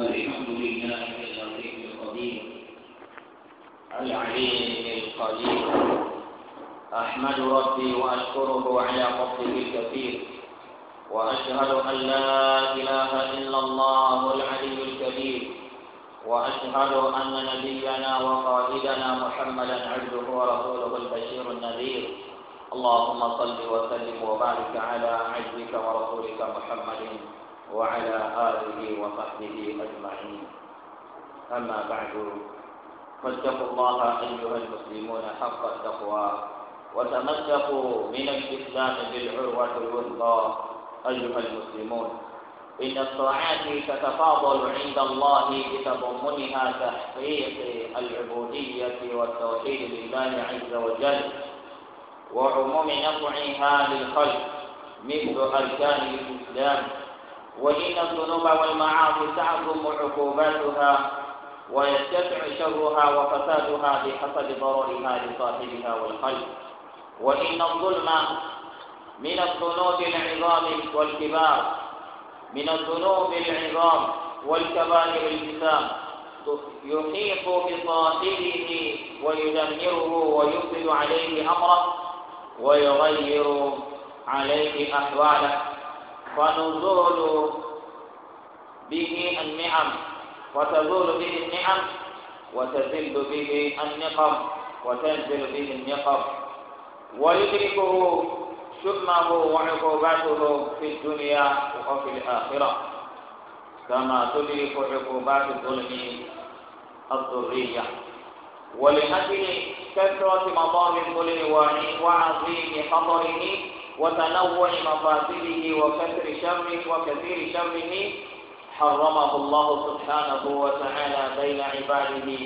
الحمد لله العظيم القدير العليم القدير أحمد ربي وأشكره على فضله الكثير وأشهد أن لا إله إلا الله العلي الكبير وأشهد أن نبينا وقائدنا محمدا عبده ورسوله البشير النذير اللهم صل وسلم وبارك على عبدك ورسولك محمد وعلى آله وصحبه أجمعين أما بعد فاتقوا الله أيها المسلمون حق التقوى وتمسكوا من الإسلام بالعروة الوثقى أيها المسلمون إن الطاعات تتفاضل عند الله بتضمنها تحقيق العبودية والتوحيد لله عز وجل وعموم نفعها للخلق مثل أركان الإسلام وإن الذنوب والمعاصي تعظم عقوباتها ويتسع شرها وفسادها بحسب ضررها لصاحبها والخلق وإن الظلم من الذنوب العظام والكبار من الذنوب العظام والكبائر الجسام يحيط بصاحبه ويدمره ويفسد عليه أمره ويغير عليه أحواله ونزول به النعم وتزول به النعم وتزل به النقم وتنزل به النقم ويدركه شؤمه وعقوبته في الدنيا وفي الآخرة كما تدرك عقوبات الظلم الضرية ولأجل كثرة مظالم الظلم وعظيم خطره وتنوع مفاسده وكثر شره وكثير شره حرمه الله سبحانه وتعالى بين عباده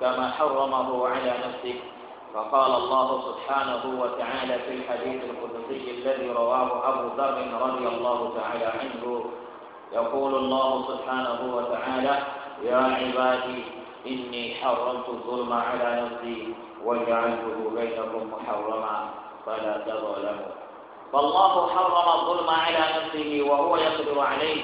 كما حرمه على نفسه فقال الله سبحانه وتعالى في الحديث القدسي الذي رواه أبو ذر رضي الله تعالى عنه يقول الله سبحانه وتعالى يا عبادي إني حرمت الظلم على نفسي وجعلته بينكم محرما فلا تظلموا فالله حرم الظلم على نفسه وهو يقدر عليه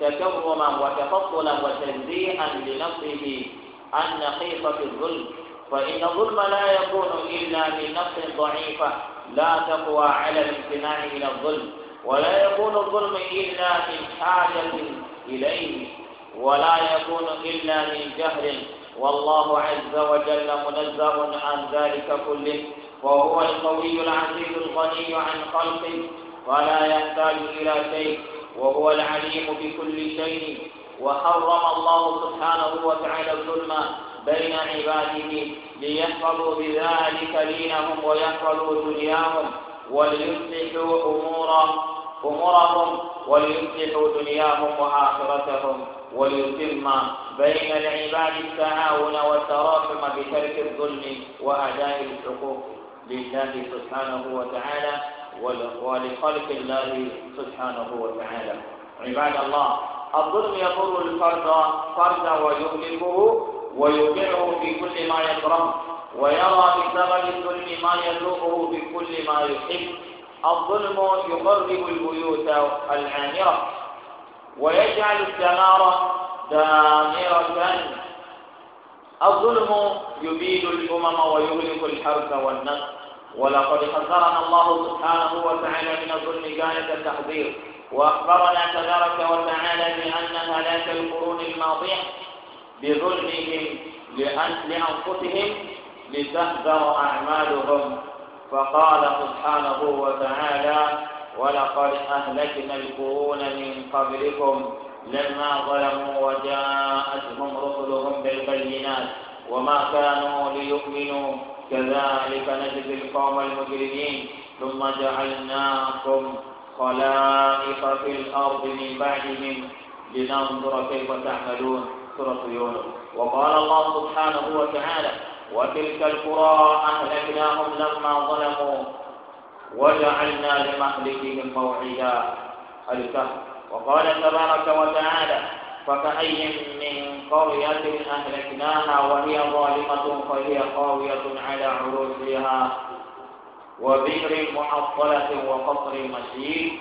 تكرما وتفضلا وتنزيها لنفسه عن نقيصة الظلم فإن الظلم لا يكون إلا من نفس ضعيفة لا تقوى على الامتناع من الظلم ولا يكون الظلم إلا من حاجة إليه ولا يكون إلا من جهل والله عز وجل منزه عن ذلك كله وهو القوي العزيز الغني عن خلقه ولا يحتاج إلى شيء وهو العليم بكل شيء وحرم الله سبحانه وتعالى الظلم بين عباده ليحفظوا بذلك دينهم ويحفظوا دنياهم وليصلحوا أمور أمورهم وليصلحوا دنياهم وآخرتهم وليتم بين العباد التعاون والتراحم بترك الظلم وأداء الحقوق لله سبحانه وتعالى ولخلق الله سبحانه وتعالى عباد الله الظلم يضر الفرد فردا ويهلكه ويوقعه في كل ما يكره ويرى بسبب الظلم ما يذوقه في كل ما يحب الظلم يقرب البيوت العامرة ويجعل الدمار دامرة الظلم يبيد الأمم ويهلك الحرث والنسل ولقد حذرنا الله سبحانه وتعالى من الظلم غاية التحذير وأخبرنا تبارك وتعالى بأن هلاك القرون الماضية بظلمهم لأنفسهم لتحذر أعمالهم فقال سبحانه وتعالى ولقد أهلكنا القرون من قبلكم لما ظلموا وجاءتهم رسلهم بالبينات وما كانوا ليؤمنوا كذلك نجزي القوم المجرمين ثم جعلناكم خلائق في الأرض من بعدهم لننظر كيف تعملون سورة يونس وقال الله سبحانه وتعالى وتلك القرى أهلكناهم لما ظلموا وجعلنا لمهلكهم موعدا الكهف وقال تبارك وتعالى فكأي من قرية أهلكناها وهي ظالمة فهي خاوية على عروشها وبئر معطلة وقصر مشيد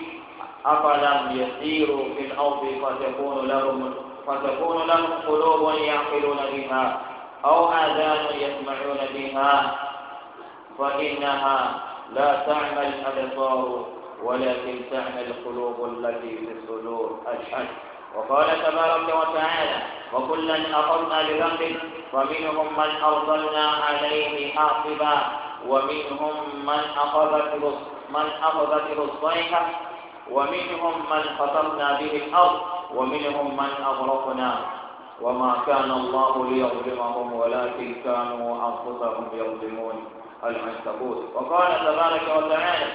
أفلم يسيروا في الأرض فتكون لهم فتكون لهم قلوب يعقلون بها أو آذان يسمعون بها فإنها لا تعمل الأبصار ولكن تعنى القلوب التي في الصدور الحج وقال تبارك وتعالى وكلا أخذنا بذنبه ومنهم من أرسلنا عليه حاصبا ومنهم من أخذته من أخذته الصيحة ومنهم من خسفنا به الأرض ومنهم من أغرقنا وما كان الله ليظلمهم ولكن كانوا أنفسهم يظلمون العنكبوت وقال تبارك وتعالى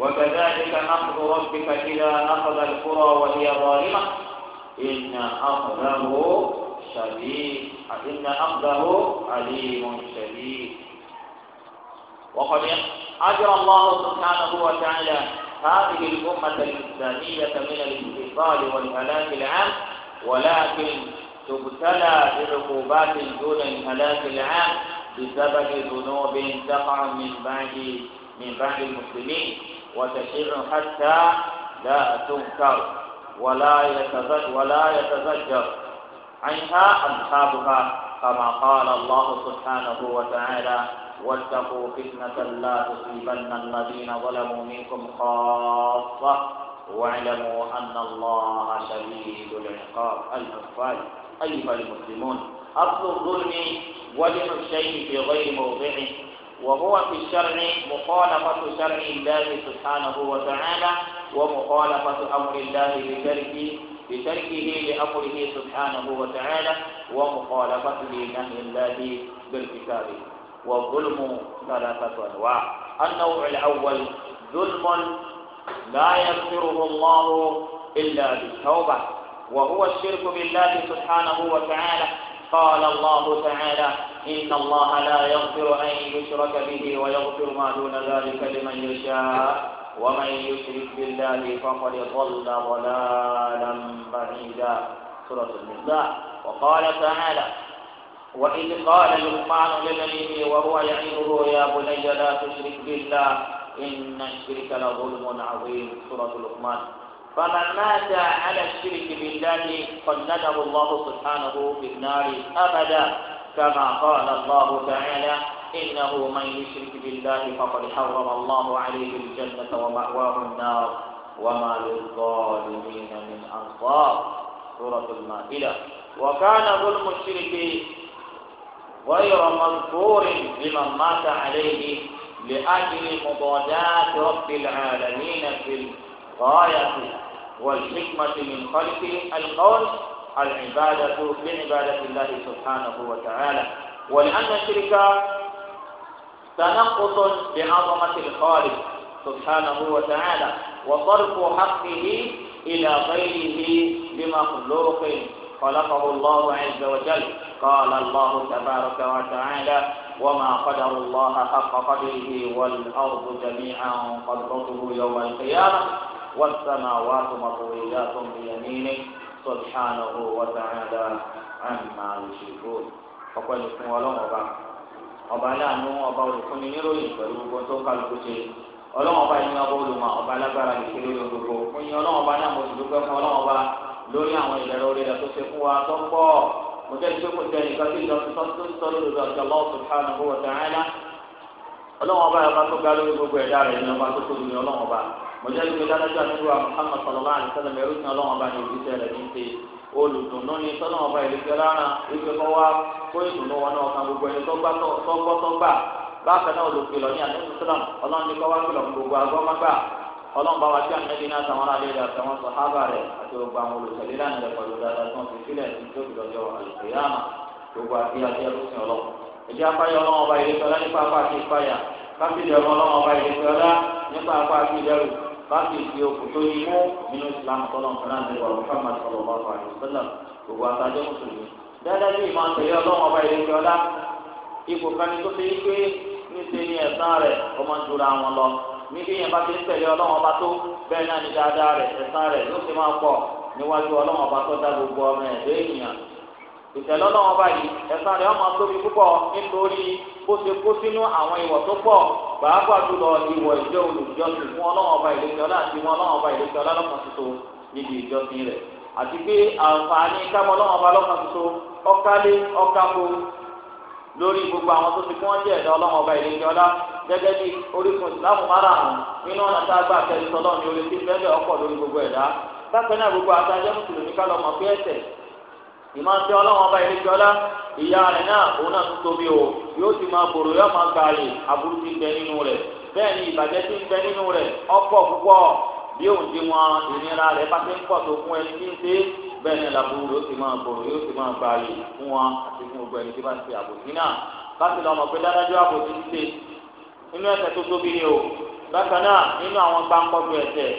وكذلك نقض ربك إذا أخذ القرى وهي ظالمة إن أخذه شديد إن أخذه عليم شديد وقد أجرى الله سبحانه وتعالى هذه الأمة الإنسانية من الانفصال والهلاك العام ولكن تبتلى بعقوبات دون الهلاك العام بسبب ذنوب تقع من بعد من بعد المسلمين وتشيع حتى لا تنكر ولا يتزج ولا يتزجر عنها أصحابها كما قال الله سبحانه وتعالى واتقوا فتنة لا تصيبن الذين ظلموا منكم خاصة واعلموا أن الله شديد العقاب الأطفال أيها المسلمون أصل الظلم وجه الشيء في غير موضعه وهو في الشرع مخالفة شرع الله سبحانه وتعالى ومخالفة أمر الله بتركه بتركه لأمره سبحانه وتعالى ومخالفته لنهي الله بالكتاب والظلم ثلاثة أنواع النوع الأول ظلم لا يغفره الله إلا بالتوبة وهو الشرك بالله سبحانه وتعالى قال الله تعالى إن الله لا يغفر أن يشرك به ويغفر ما دون ذلك لمن يشاء ومن يشرك بالله فقد ضل ضلالا بعيدا سورة النساء وقال تعالى وإذ قال لقمان لبنيه وهو يعظه يا بني لا تشرك بالله إن الشرك لظلم عظيم سورة لقمان فمن مات على الشرك بالله قلده الله سبحانه في النار أبدا كما قال الله تعالى إنه من يشرك بالله فقد حرم الله عليه الجنة ومأواه النار وما للظالمين من أنصار سورة المائدة وكان ظلم الشرك غير مذكور لمن مات عليه لأجل مضادات رب العالمين في الغاية والحكمة من خلقه القول العبادة لعبادة الله سبحانه وتعالى ولأن الشرك تنقص بعظمة الخالق سبحانه وتعالى وصرف حقه إلى غيره بمخلوق خلقه الله عز وجل قال الله تبارك وتعالى وما قدر الله حق قدره والأرض جميعا قدرته يوم القيامة والسماوات مطويات بيمينه subhanahu wa ta'ala amma yushrikun ọpẹ́ ní fún ọlọ́run ọba ọba aláàánú ọba olùfúnni níròyìn pẹ̀lú gbogbo tó kálukú ṣe ọlọ́run ọba yìí ní ọba olùmọ̀ ọba alágbára lè kéré lórí gbogbo fún yín ọlọ́run ọba náà mo sì dúpẹ́ fún ọlọ́run ọba lórí àwọn ìlera orí rẹ̀ tó ṣe fún wa tó pọ̀ mo jẹ́ ìgbé kò tẹ̀lé ìgbà tí ìjọ tó tó sọ lórí ọjọ́ lọ́wọ́ subhanahu wa ta'ala ọba ọba tó ga lórí gbogbo ẹ̀dá rẹ̀ ní ọba tó tóbi ní ọlọ́run ọba mọ̀jẹ́lú pé dáadáa àti wà Muhammad sallallahu alayhi wa sallam ẹ̀rú ti ọlọ́wọ́n bá ní òbíṣẹ́ rẹ̀ ní ṣe olùdùnnú ni sọ́lọ́wọ́n bá ìrètí ọlọ́run wípé kọ́ wá kó ìdùnnú wọn náà kan gbogbo ẹni tọ́gbọ́tọ́gbà bákan náà olùkìlọ̀ ní àdéhùn sọ́lọ́m ọlọ́run ní kọ́ wá kìlọ̀ gbogbo agbọ́mọ́gbà ọlọ́run bá wa tí ànábi náà tàwọn ará léèrè àtàwọn sọ̀hábà rẹ̀ àti gbogbo àwọn olùtẹ̀lé lánàá rẹ̀ pẹ̀lú dáadáa tó ń fi sílẹ̀ ní tó fi lọ́jọ́ àlùfẹ́yàmà gbogbo àti àti ẹlòmíì ọlọ́run. ìdí apáyọ ọlọ́run ọba ìrètí ọlá nípa apá àti ìpáyà báàgì ìfi okùn tó yí mú nínú ìsìlámù tọ́lọ̀ fúnra ní wà Muhammad sallallahu alaihi wasallam gbogbo àtàjọ́ mùsùlùmí. dáadáa bí ìmọ̀ àtẹ̀lé ọlọ́run ọba ìlú ìjọ ipò kan ní tó ṣe é pé níṣẹ́ ni ẹ̀san rẹ̀ ọmọ jura wọn lọ níbi yẹn bá ti ń tẹ̀lé ọlọ́run ọba tó bẹ́ẹ̀ náà ni dáadáa rẹ̀ ẹ̀san rẹ̀ ló ti máa pọ̀ níwájú ọlọ́run ọba tó dá gbogbo ọmọ ẹ̀dẹ́ ìtẹ̀lọ́ náà báyìí ẹ̀sán rẹ̀ ọmọ tóbi púpọ̀ nítorí bó ṣe kó sínú àwọn ìwọ̀ tó pọ̀ pàápàá jùlọ ìwọ̀ ìjọ olùjọsìn fún ọlọ́wọ́n ọba ìlẹ́sìn ọlá àti wọn ọlọ́wọ́n ọba ìlẹ́sìn ọlá lọ́kàn tuntun níbi ìjọsìn rẹ̀ àti pé àǹfààní kámọ́ ọlọ́wọ́n ọba lọ́kàn tuntun ọ̀kálé ọ̀káko lórí gbogbo àwọn tó ti kí wọ́n jẹ́ ẹ̀dá ọlọ́wọ́n ọba ìlẹ́sìn ọlá gẹ́gẹ́ bí orísun ìsìláàmù márààrún nínú ọ̀nà tá a gbà tẹ̀lé sọlọ́ọ̀ ní orí sí bẹ́ẹ̀ ọkọ̀ lórí gbogbo ẹ̀dá bákan náà gbogbo àtàjẹ́ mùsùlùmí ká lọ́mọ pé ẹ̀sẹ̀ ìmọ̀ ṣe ọlọ́wọ́n ọba ìlú jọlá ìyá rẹ̀ náà òun náà tún tóbi o yóò ti máa gbòòrò yóò máa gbààyè aburú ti ń bẹ nínú rẹ̀ bẹ́ẹ̀ ni ìbàjẹ́ ti ń bẹ nínú rẹ̀ ọ̀pọ̀ púpọ̀ bí òun ti wọn ìnira rẹ̀ bá ti ń pọ̀ tó fún ẹni tí ń ṣe bẹ́ẹ̀ ni làbúrò yóò ti máa gbòòrò yóò ti máa gbààyè fún wọn àti fún gbogbo ẹni tí bá ń ṣe àbòsí náà láti lọ mọ̀ pé dáadájú àbòsí ti ṣe inú ẹ̀ṣẹ̀ tó tóbi ni o bákan náà nínú àwọn gbàǹkọ́gbìn ẹ̀ṣẹ̀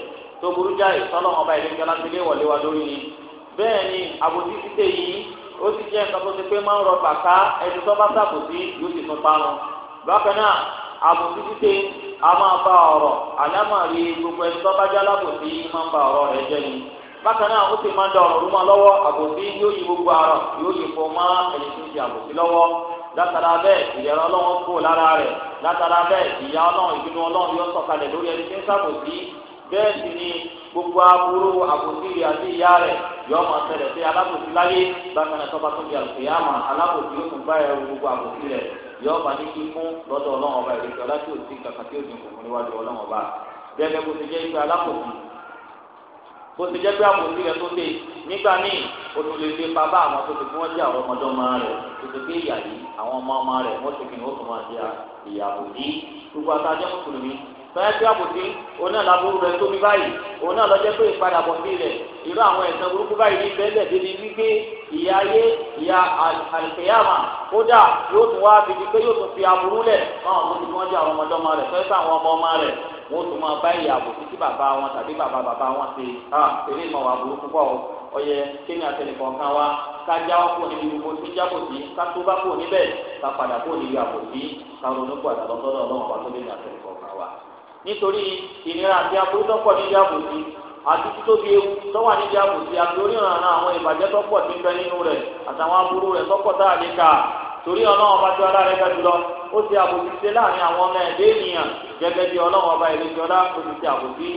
tó burú jáì sọ́lọ́mọba ìlú ìjọba ti lé wọlé wa lórí ni bẹ́ẹ̀ ni àbòsí títẹ̀ yìí ó sì jẹ́ nǹkan tó ti pé máa ń rọ bàtà ẹni tó bá sàbòsí yóò sì tún parun bákan náà àbòsí títẹ̀ a máa bá ọ̀rọ̀ àlámàrí gbogbo ẹni tó bá já lábòsí máa ń bá ọ̀rọ̀ jẹ́ bákan náà ó máa gbogbo àrọ̀ yóò yí fún ma ẹni tó di àbòsí lọ́wọ́ látara kó lára látara ìyá ìbínú yóò ni gbogbo aburú àbòsí yọ ọmọ sẹlẹ̀ pé alábòsí láyé bákan náà tọ́ba tó di àlùkìyàmọ̀ alábòsí yóò tún bá ẹrù gbogbo àbòsí rẹ̀ yọ ọba ní kíkún lọ́dọ̀ ọlọ́run ọba ìrètí ọlá tí ò sí kankan tí ò dín kùn níwájú ọlọ́run ọba gẹ́gẹ́ bó ti jẹ́ ipe alábòsí bó ti jẹ́ pé àbòsí rẹ̀ tó dé nígbà míì o tún lè lé bàbá àwọn tó ti fún wọn jẹ́ àwọn ọmọdé ọmọ rẹ̀ tó ti gbé ìyá yìí àwọn ọmọ ọmọ rẹ̀ wọ́n ti kìnnìún tó máa jẹ ìyàwó yìí gbogbo àtàjẹ́ mùsùlùmí tọ́yẹ́ tí àbòdì òun náà laburú rẹ̀ tóbi báyìí òun náà lọ́jọ́ pé ìpadàbọ̀ sí rẹ̀ irú àwọn ẹ̀sán burúkú báyìí ní bẹ́ẹ̀lẹ̀ débi wípé ìyá ayé ìyá àlùkẹ́yàmà kódà yóò tún wá bíbi pé yóò tún fi aburú lẹ̀ náà wọ́n ti wọ́n jẹ́ àwọn ọmọdọ́mọ rẹ̀ tọ́yẹ́ sí àwọn ọmọ ọmọ rẹ̀ wọ́n tún máa bá ìyá àbòsí tí bàbá wọn tàbí bàbá bàbá wọn ṣe eré ìmọ̀ wà burúkú pọ̀ ọyẹ kéèyàn àtẹnìkọ̀ kan wá ká jáwọ́ kó níbi gbogbo tó jábò sí ká tó bá kó níbẹ̀ ká padà kó níbi àbòsí ká ronú pọ̀ àtàlọ́sọ́dọ̀ ọlọ́run ọba tó lè ní àtẹnìkọ̀ kan wá nítorí ìnira àti aburú tó pọ̀ níbi àbòsí àti títóbi ewu tó wà níbi àbòsí àti oríran àwọn ìbàjẹ́ tó pọ̀ ti ń bẹ nínú rẹ̀ àtàwọn aburú rẹ̀ tó pọ̀ tá a lè kà torí ọlọ́run ọba tí ọlá rẹ̀ ga jùlọ ó ti àbòsí ṣe láàrin àwọn ọmọ ẹ̀dẹ́ ènìyàn gẹ́gẹ́ bí ọlọ́run ọba ìlẹ́jọ ọlá ó ti ṣe àbòsí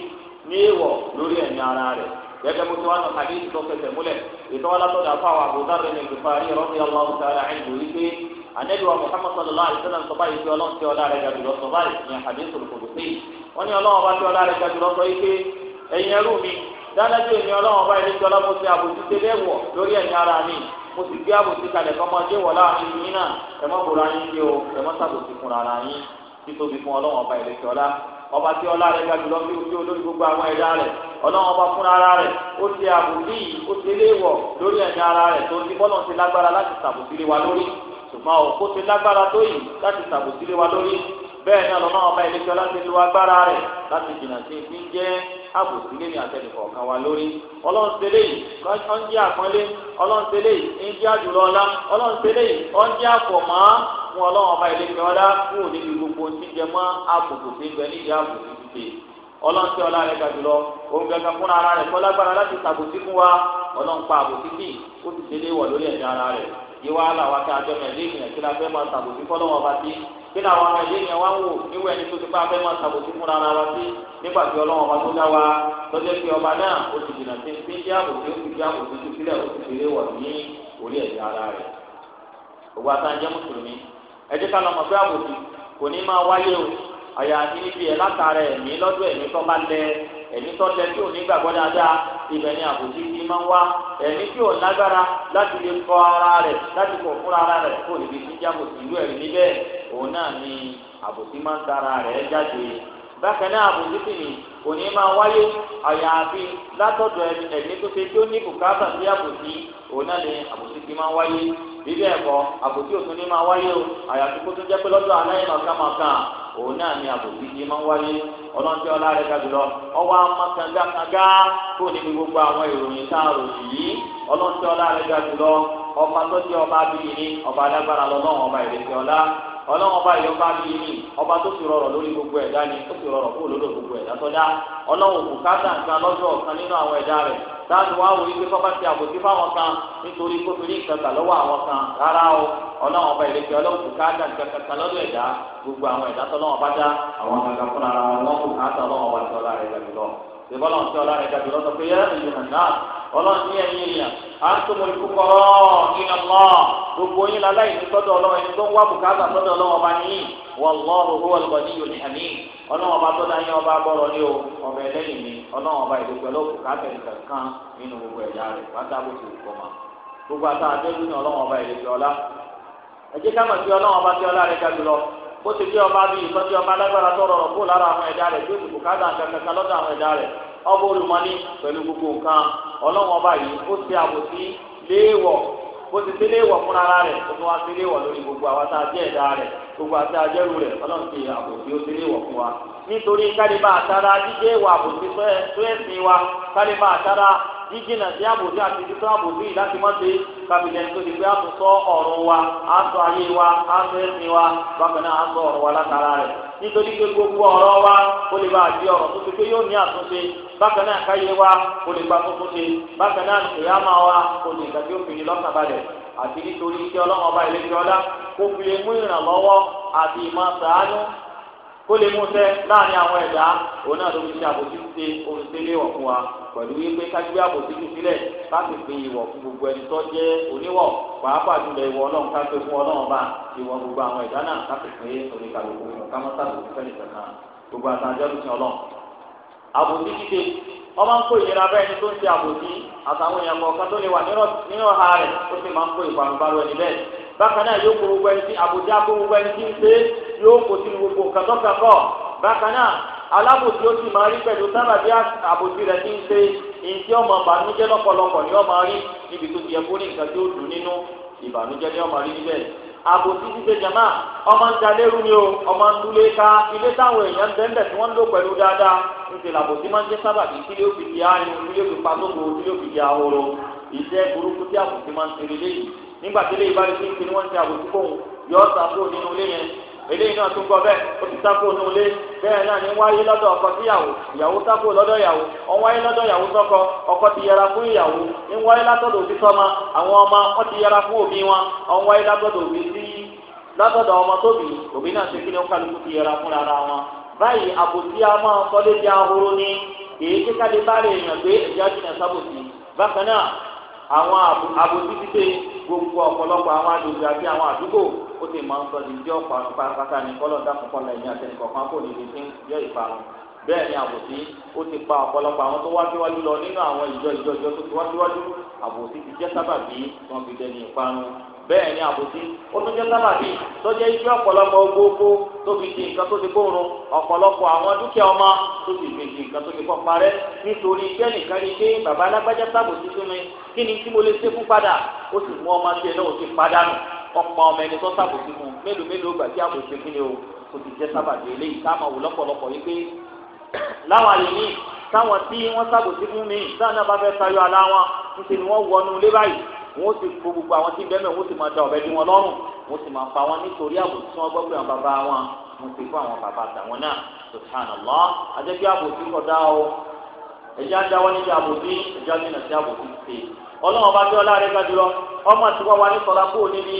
ní èèwọ̀ lórí ẹ̀mí ara rẹ̀ gẹ́gẹ́ bó ti wá nà kàdé ìtọ́fẹsẹ̀ múlẹ̀ ìtọ́wálátọ́jà fáwọn àbòdá rẹ̀ ní ìgbèfà rí ọ̀rọ̀ anabi wa muhammad sallallahu alayhi wa sallam sọba yìí pé ọlọ́run tí ọlá rẹ̀ ga jùlọ sọba yìí ní hadithul qudsi wọ́n ní ọlọ́run ọba tí ọlá rẹ̀ ga jùlọ sọ yìí pé ẹ̀yin ẹrú mi dáadájú ti àbòsí tẹ́lẹ̀ wọ̀ lórí ẹ̀yin ara mo sì gbé àbòsí kalẹ̀ kọ́mọdé wọ̀ láàrin yín ara yín títóbi fún ọlọ́run ọba ilé jọlá ọba tí ọlá rẹ̀ ga jùlọ bí ojú olórí gbogbo àwọn ẹ̀dá rẹ̀ ọlọ́run ọba ara rẹ̀ ti àbòsí yìí ó ti léèwọ̀ lórí ẹ̀yin ara rẹ̀ tó ti bọ́lọ̀ ti lágbára láti sàbòsí lé wa ṣùgbọ́n o kó ti lágbára tó yìí láti ṣàbòsí lé wa lórí bẹ́ẹ̀ náà lọ́nà ọba ìlẹ́jọ́ láti lu agbára rẹ̀ láti jìnnà sí ìpín jẹ́ àbòsí lé ní àtẹnìkọ̀ kan wa lórí ọlọ́ọ̀nsẹ̀lẹ̀ yìí ọ̀n jẹ́ àpọ́nlé ọlọ́ọ̀nsẹ̀lẹ̀ yìí ń jẹ́ àjùlọ ọlá ọlọ́ọ̀nsẹ̀lẹ̀ yìí ọ̀n jẹ́ àpọ̀mọ́ fún ọlọ́wọ́n ọba ìlẹ́jọ́ ọlá fún òní ní gbogbo ti jẹ mọ́ àbòkù sí ibẹ̀ níbi àbòsí ti ọlọ́ọ̀nsẹ̀ ọlá rẹ̀ ga jùlọ òun gẹ́gẹ́ fún ara rẹ̀ kọ́ lágbára láti ṣàbòsí fún wa ọlọ́ọ̀npa àbòsí kì ó ti ṣe léwọ̀ lórí ẹ̀dá ara rẹ̀ ìwà aláwa tá a jọ mẹlẹ ènìyàn kí la fẹ́ máa ṣàbòsí fọlọ́wọ́ bá sí kí làwọn mẹlẹ ènìyàn wá ń wò níwẹ̀ ní tó ti pa fẹ́ máa ṣàbòsí fúnra ara wa sí nígbà tí ọlọ́wọ́n bá tó dá wa tọ́jú pé ọba náà ó ti dìnnà sí ní bí àbòsí ó ti bí àbòsí tó sílẹ̀ ó ti fèrè wọ̀ ní orí ẹ̀dá ara rẹ̀ òwò àtàjẹ́ mùsùlùmí ẹ jẹ́ ká lọ mọ̀ pé àbòsí kò ní máa wáyé o àyà àti níbi ẹ̀ látara ẹ̀mí lọ́dọ̀ ẹ̀mí tó bá lẹ ẹ̀mí tó lẹ tí ò ní gbàgbọ́ dáadáa ibẹ̀ ni àbòsí ti máa ń wá ẹ̀mí tí ò lágbára láti lè kọ ara rẹ̀ láti kọ̀ fúnra ara rẹ̀ kó níbi tí jábò sí ìlú ẹ̀rí níbẹ̀ òun náà ni àbòsí máa ń tara rẹ̀ jáde bákan náà àbòsí sì ni òní máa wáyé àyàfi látọ̀dọ̀ ẹ̀mí tó ṣe tó ní bùkátà sí àbòsí òun náà ni àbòsí ti máa wáyé bíbẹ̀ ẹ̀kọ́ àbòsí òtún ní máa wáyé o àyàfi kó tó jẹ́ pé lọ́dọ̀ òun náà ni àbòsí yìí máa ń wáyé ọlọ́njẹ́ ọlá rẹ̀ ga jùlọ ọwọ́ amákangákangá kó níbi gbogbo àwọn ìròyìn tá a rò sí yìí ọlọ́njẹ́ ọlá rẹ̀ ga jùlọ ọba tó jẹ́ ọba abiyini ọba alágbára lọ́nà ọba ìrètí ọlá ọlọ́run ọba yìí ọba bíi ní ọba tó fi rọrọ̀ lórí gbogbo ẹ̀dá ni tó fi rọrọ̀ kúrò lórí gbogbo ẹ̀dá tọ́já ọlọ́run kò káàtà nǹkan lọ́jọ́ ọ̀kan nínú àwọn ẹ̀dá rẹ̀ táàbù wá wòye pé kọ́ba ti àbòsí fáwọn kan nítorí kó torí nǹkan kà lọ́wọ́ àwọn kan rárá o ọlọ́run ọba ìrèké ọlọ́run kò káàtà nǹkan kan lọ́dọ̀ ẹ̀dá gbogbo àwọn ẹ̀dá tọ́lọ́run ọba dá àwọn kankan gbogbo onye la láì ní sọ́dọ̀ ọlọ́wọ́ ẹni tó ń wá bùkátà ọlọ́wọ́ bá ní ọlọ́wọ́ bá ọba gbọ́rọ̀ ní o ọba ẹlẹ́yìn mi ọlọ́wọ́ bá ìdókòwò ẹlọ́wọ́ bùkátà nìkan kan nínú gbogbo ẹ̀yà rẹ̀ pátá bó ti kọ́ ma gbogbo ata àdéhùn ní ọba ìdókòwò ọlá bó ti tẹ́lẹ̀ wọ̀ fúnra ara rẹ ó tún wá tẹ́lẹ̀ gbogbo àwa tá a jẹ́ gbogbo àti ajẹ́rù rẹ ọlọ́run ti àbò tí ó tẹ́lẹ̀ wọ̀ fún wa. nítorí kálíbà àtàrà jíjẹ́ ìwà àbòsí wa kálíbà àtàrà jíjìnà sí àbòsí àti àbòsí láti má ṣe kábìlẹ̀ tó pé a wa wa ẹ̀sìn wa bákan náà wa látara nítorí pé gbogbo ti pé yóò ní àtúnṣe bákan náà káyé wa kò lè pa tuntun ṣe bákan náà ìyáàmà wa kò lè gbàgbé obìnrin lọ́sàn balẹ̀ àti nítorí iṣẹ́ ọlọ́run ọba ilé ìjọba kó fi lè mú ìrànlọ́wọ́ àti ìmọ̀ sàánú kó lè mú sẹ́ láàrin àwọn ẹ̀dá òun náà ló fi ṣe àbòsí ṣe olùsẹ́lẹ̀ wọ̀ fún wa pẹ̀lú wípé kájúwé àbòsí jù sílẹ̀ láti fi ìwọ̀ fún gbogbo ẹni tó jẹ́ oníwọ̀ pàápàá jùlọ ìwọ̀ ọlọ́run kápẹ́ fún ọlọ́run bá ìwọ̀ gbogbo àwọn ẹ̀dá náà kápẹ́ pé oníkàlùkù kámọ́sàbò fẹ́ẹ̀ gbogbo àtàjọ́ lùsìn ọlọ́run àbòsí ṣíṣe ọmọ ń kó ìlera bẹ́ẹ̀ ni tó ń ṣe àbòsí àtàwọn èèyàn kọ̀ọ̀kan tó lè wà nínú ọ̀ha rẹ̀ ó sì máa ń kó ìpàmùbárò ẹni bẹ́ẹ̀ bákan náà yóò kó gbogbo ẹni tí àbòsí á kó gbogbo ẹni tí ń ṣe yóò kó sínú gbogbo nǹkan tó kàn kọ́ bákan náà alábòsí ó sì máa rí pẹ̀lú sábàbí àbòsí rẹ̀ ti ń ṣe èyí ọmọ ìbànújẹ́ lọ́pọ̀lọpọ̀ ni ọmọ rí níbi tó ti yẹ kó ní nǹkan tí ó dùn nínú ìbànújẹ́ ni ọmọ rí níbẹ̀ àbòsí gbígbé jama ọmọ ń da lérú ni o ọmọ ń dúlé ká ilé táwọn èèyàn bẹ́ẹ̀ tí wọ́n ń lò pẹ̀lú dáadáa ń tẹ̀lé àbòsí máa ń jẹ́ sábàbí kí ló fi di ààyè kí ló fi pàtókò kí ló fi di ahoro ìjẹ́ burúkú tí àbòsí máa ń tẹ̀lé lẹ́yìn nígbà tí ilé ìbáraẹni ti ń pinnu wọ́n ti àbòsí fóun yọ ọ́ sàbó nínú ilé yẹn eléyìí náà tún kọ bẹ́ẹ̀ ó ti sáko nulẹ bẹ́ẹ̀ náà ní wáyé lọ́dọ̀ ọkọ síyàwó ìyàwó sáko lọdọ ìyàwó ọ̀n wáyé yawu ìyàwó sọ́kọ ọkọ ti yẹra fún ìyàwó ń wáyé látọ̀dọ̀ òbí sọ́mọ àwọn ọmọ wọn ti yẹra fún òbí wọn ọ̀n wáyé òbí sí ọmọ tóbi òbí náà ṣe kí ni ó kálukú ti yẹra fún ara wọn báyìí àbòsí a ahoro èyí gbogbo ọ̀pọ̀lọpọ̀ àwọn àdúgbò àti àwọn àdúgbò ó ti máa ń sọ ìdí ọ̀pọ̀ àrùn pátápátá ní kọ́lọ̀ dákùnkọ́lọ̀ ẹ̀yìn àtẹnukọ̀kan kò ní ibi ń yọ ìparun bẹ́ẹ̀ ni àbòsí ó ti pa ọ̀pọ̀lọpọ̀ àwọn tó wá síwájú lọ nínú àwọn ìjọ ìjọ ìjọ tó ti wá síwájú àbòsí ti jẹ́ sábàbí tí fi dẹni ìparun bẹ́ẹ̀ ni àbòsí ó tún jẹ́ sábàbí tó jẹ́ iṣẹ́ ọ̀pọ̀lọpọ̀ gbogbo tó fi di nǹkan tó ti kóorun ọ̀pọ̀lọpọ̀ àwọn dúkìá ọmọ tó ti fi di nǹkan tó ti kọ́ parẹ́ nítorí iṣẹ́ nìkan ni pé bàbá alágbájá sábòsí fún mi kí ni tí mo lè ṣe fún padà ó sì mú ọmọ tiẹ̀ náà ó ti padà nù ọmọ ọmọ ẹni tó sábòsí fún mélòó mélòó gbà tí àbòsí fún ni o kò ti jẹ́ sábàbí eléyìí táwọn wò lọ́pọ̀lọpọ̀ yìí pé láwọn àlè míì táwọn tí wọ́n sábòsí fún mi táwọn wọn ó sì kó gbogbo àwọn tí ń bẹ́ẹ̀ wọn ó sì máa da ọ̀bẹ ní wọn lọ́rùn wọn ó sì máa pa wọn nítorí àbòsí tí wọ́n gbọ́ pé àwọn bàbá wọn wọn ti fún àwọn bàbá àtàwọn náà subhanallah ajẹ́ bí àbòsí kọjá o ẹ̀jẹ̀ á dáwọ́ níbi àbòsí ẹ̀jẹ̀ á dínà sí àbòsí ṣe ọlọ́run bá dé ọlá rẹ̀ gbàdúrà ọmọ tí wọ́n wá ní sọ́ra kó o níbi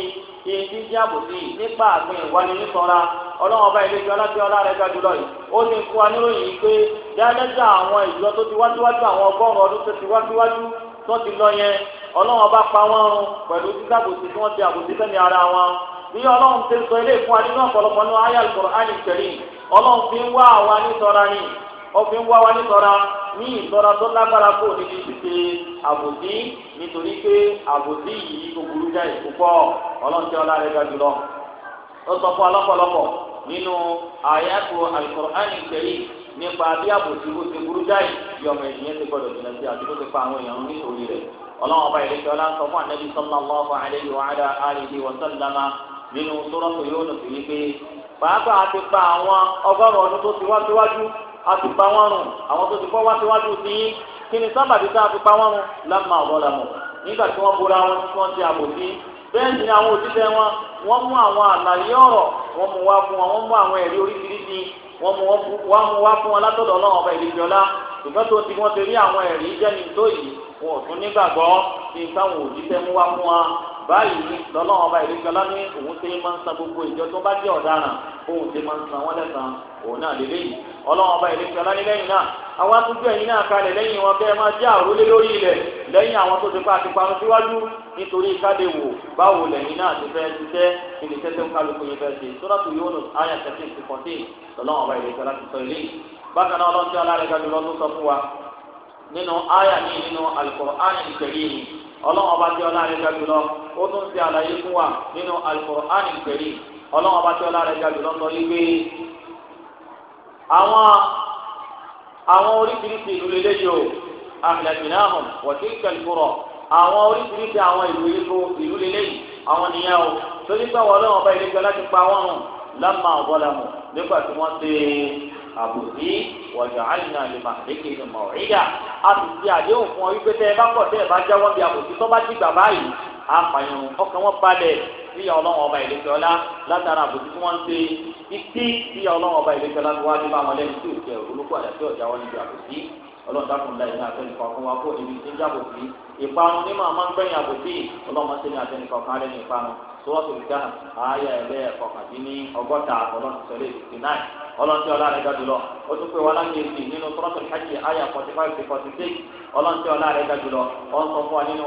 ìdí jẹ́ àbòsí nípa àgbìn ìwáni ní sọ́ra ọlọ́run ọba ìlẹ́jọ́ aláṣẹ ọlá rẹ̀ gbàdúrà yìí ó ní fún wa pé dáadáa àwọn ìjọ tó ti wájúwájú àwọn ọgọ́rùn-ún ọdún tó ti wájúwájú tó ti lọ yẹn ọlọ́run bá pa wọ́n rún pẹ̀lú sísàbòsí tí wọ́n ti àbòsí fẹ́mi ara wọn bí ọlọ́run ti sọ ilé ìfún adínú ọ̀pọ̀lọpọ̀ ní ayé Al-Qur'ani Karim ọlọ́run fi ń wá àwa nítorá ni ó fi ń wá wa nítorá ní ìtọ́ra tó lágbára kó níbi ṣíṣe àbòsí nítorí pé àbòsí yìí kò burú jáì púpọ̀ ọlọ́run tí ọlá rẹ̀ ga jùlọ ó sọ fún ọlọ́pọ̀lọpọ̀ nínú àyàtò Al-Qur'ani Karim nípa bí àbòsí ó ti burú jáì bí ọmọ ènìyàn ti gbọdọ̀ jìnnà sí àti bó ti pa àwọn èèyàn nítorí rẹ̀ ọlọ́run ọba ìrẹsì ọlá ń sọ fún ànábì sallallahu alaihi wa ala alihi wa sallama nínú suratu Yunus sí wípé pàápàá ti pa àwọn ọgọ́rùn ọdún tó ti wá síwájú a ti pa wọ́n rùn àwọn tó ti fọ́ wá síwájú sí yín kí ni sábàbí tá a fi pa wọ́n rùn lámà ọ̀rọ̀lámọ̀ nígbà tí wọ́n bora wọn tí wọ́n ti àbòsí bẹ́ẹ̀ ni àwọn òṣìṣẹ́ wọn wọ́n mú àwọn àlàyé ọ̀rọ̀ wọ́n mú wá fún wọn wọ́n mú àwọn ẹ̀rí oríṣiríṣi wọ́n mú wá mú wá fún wọn látọ̀dọ̀ ọlọ́run ọba ìlú ìjọlá ṣùgbọ́n tó ti wọ́n ti rí àwọn ẹ̀rí jẹ́ni tó yìí wọn ò tún nígbàgbọ́ ní táwọn òjíṣẹ́ mú wá fún wa báyìí lọ́lọ́run ọba ìlú ìjọlá ní òun ṣe máa ń san gbogbo ìjọ tó bá jẹ́ ọ̀daràn òun ṣe máa ń san wọ́n lẹ́san òun náà lélẹ́ yìí ọlọ́run ọba ìlú ìjọlá ní lẹ́yìn náà àwọn atúntò ẹ̀yìn náà kalẹ̀ lẹ́yìn wọn kẹ́ ẹ máa jẹ́ àrólé lórí ilẹ̀ lẹ́yìn àwọn tó ti pa àti parun síwájú nítorí káde wò báwo lẹ́yìn náà ti fẹ́ ṣiṣẹ́ ìdíṣẹ́ tó ń kálukú yẹn fẹ́ ṣe sọ́dọ̀ yóò nù áyà 13 to 14 lọ́wọ́ ọba ìlú ìṣọ́lá ti sọ ilé yìí bákan náà ọlọ́sí aláàrẹ gàdú lọ́dún sọ fún wa nínú àyà mi nínú Al-Qur'an Al-Karim ọlọ́wọ́ ọba tí aláàrẹ gàdú lọ ó tún ṣe àlàyé fún wa nínú Al-Qur'an Al-Karim ọlọ́wọ́ ọba tí aláàrẹ gàdú lọ sọ wípé àwọn àwọn oríṣiríṣi ìlú lélẹ́yìí o àmìlẹ̀mìnáhùn wọ̀tí kẹlifúrọ̀ àwọn oríṣiríṣi àwọn ìlú yíko ìlú lélẹ́yìí àwọn nìyẹn o torí pé wọ́n lọ́wọ́ ọba ìlẹ́gbẹ̀ẹ́ láti pa wọ́n rùn lámà nígbà tí wọ́n ṣe àbòsí wọ̀nyọ̀ àyìnà lè máa lékè ní mọ̀ọ́ríyà a sì ṣe àdéhùn fún ọ wípé tẹ́ ẹ bá pọ̀ tẹ́ ẹ bá jáwọ́ bí àbòsí tó bá dìgbà báyìí apàyàn ọkàn wọn balẹ̀ níyà ọlọ́run ọba ìlẹ́kẹ̀ ọlá látara àbòsí tí wọ́n ṣe ikí níyà ọlọ́run ọba ìlẹ́kẹ̀ ọlá wá ní báwọn lẹ́nu tí ò jẹ́ olóko àdàtí ọ̀já níbi àbòsí ọlọ́run dákun láì ní àtẹnìkan fún wa kó èmi ti ń jábòsí ìparun ní màmá ń gbẹ̀yìn àbòsí ọlọ́run ṣe ní àtẹnìkan kan rẹ̀ ní ìparun sọ́wọ́sì nìkan ààyè ẹ̀lẹ́ ẹ̀kọ́kàndínní ọgọ́ta ọlọ́sọ̀lẹ̀ fifty nine ọlọ́ntì ọ̀la rẹ̀ gàdúlọ̀ ó tún pé wàhálà ní èsì nínú sọ́wọ́sì hajj ààyè forty five to forty six ọlọ́ntì ọ̀la rẹ̀ gàdúlọ̀ ó ń sọ fún wa nínú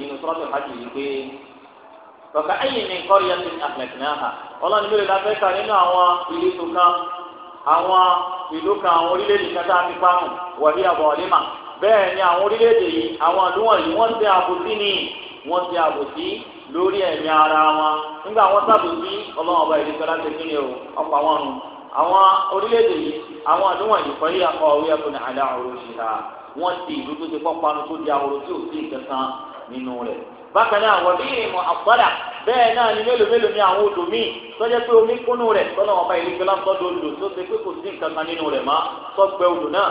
nínú hajj yìí pé kọ̀ọ̀kan ní lórí ẹ̀mí ara wọn nígbà wọn sábòsí ọlọ́run ọba ìdíkọ́ láti kí ni o ọ̀pọ̀ àwọn ọ̀run àwọn orílẹ̀-èdè yìí àwọn àdúgbò ìdìkọ́ yìí akọ orí ẹ̀kọ́ ní àdá ọ̀rọ̀ ṣìlá wọ́n ti ìlú tó ti kọ́ panu tó di ahoro tí ò sí ìkankan nínú rẹ̀ bákan náà wọ́n bí ìmọ̀ àgbàdà bẹ́ẹ̀ náà ni mélòó mélòó ni àwọn odò míì sọ́jẹ́ pé omi kúnnú rẹ̀ tọ́nà ọba ìlẹ́gbẹ́ lásọ̀dọ̀ odò tó ṣe pé kò sí nǹkankan nínú rẹ̀ mọ́ sọ́gbẹ́ odò náà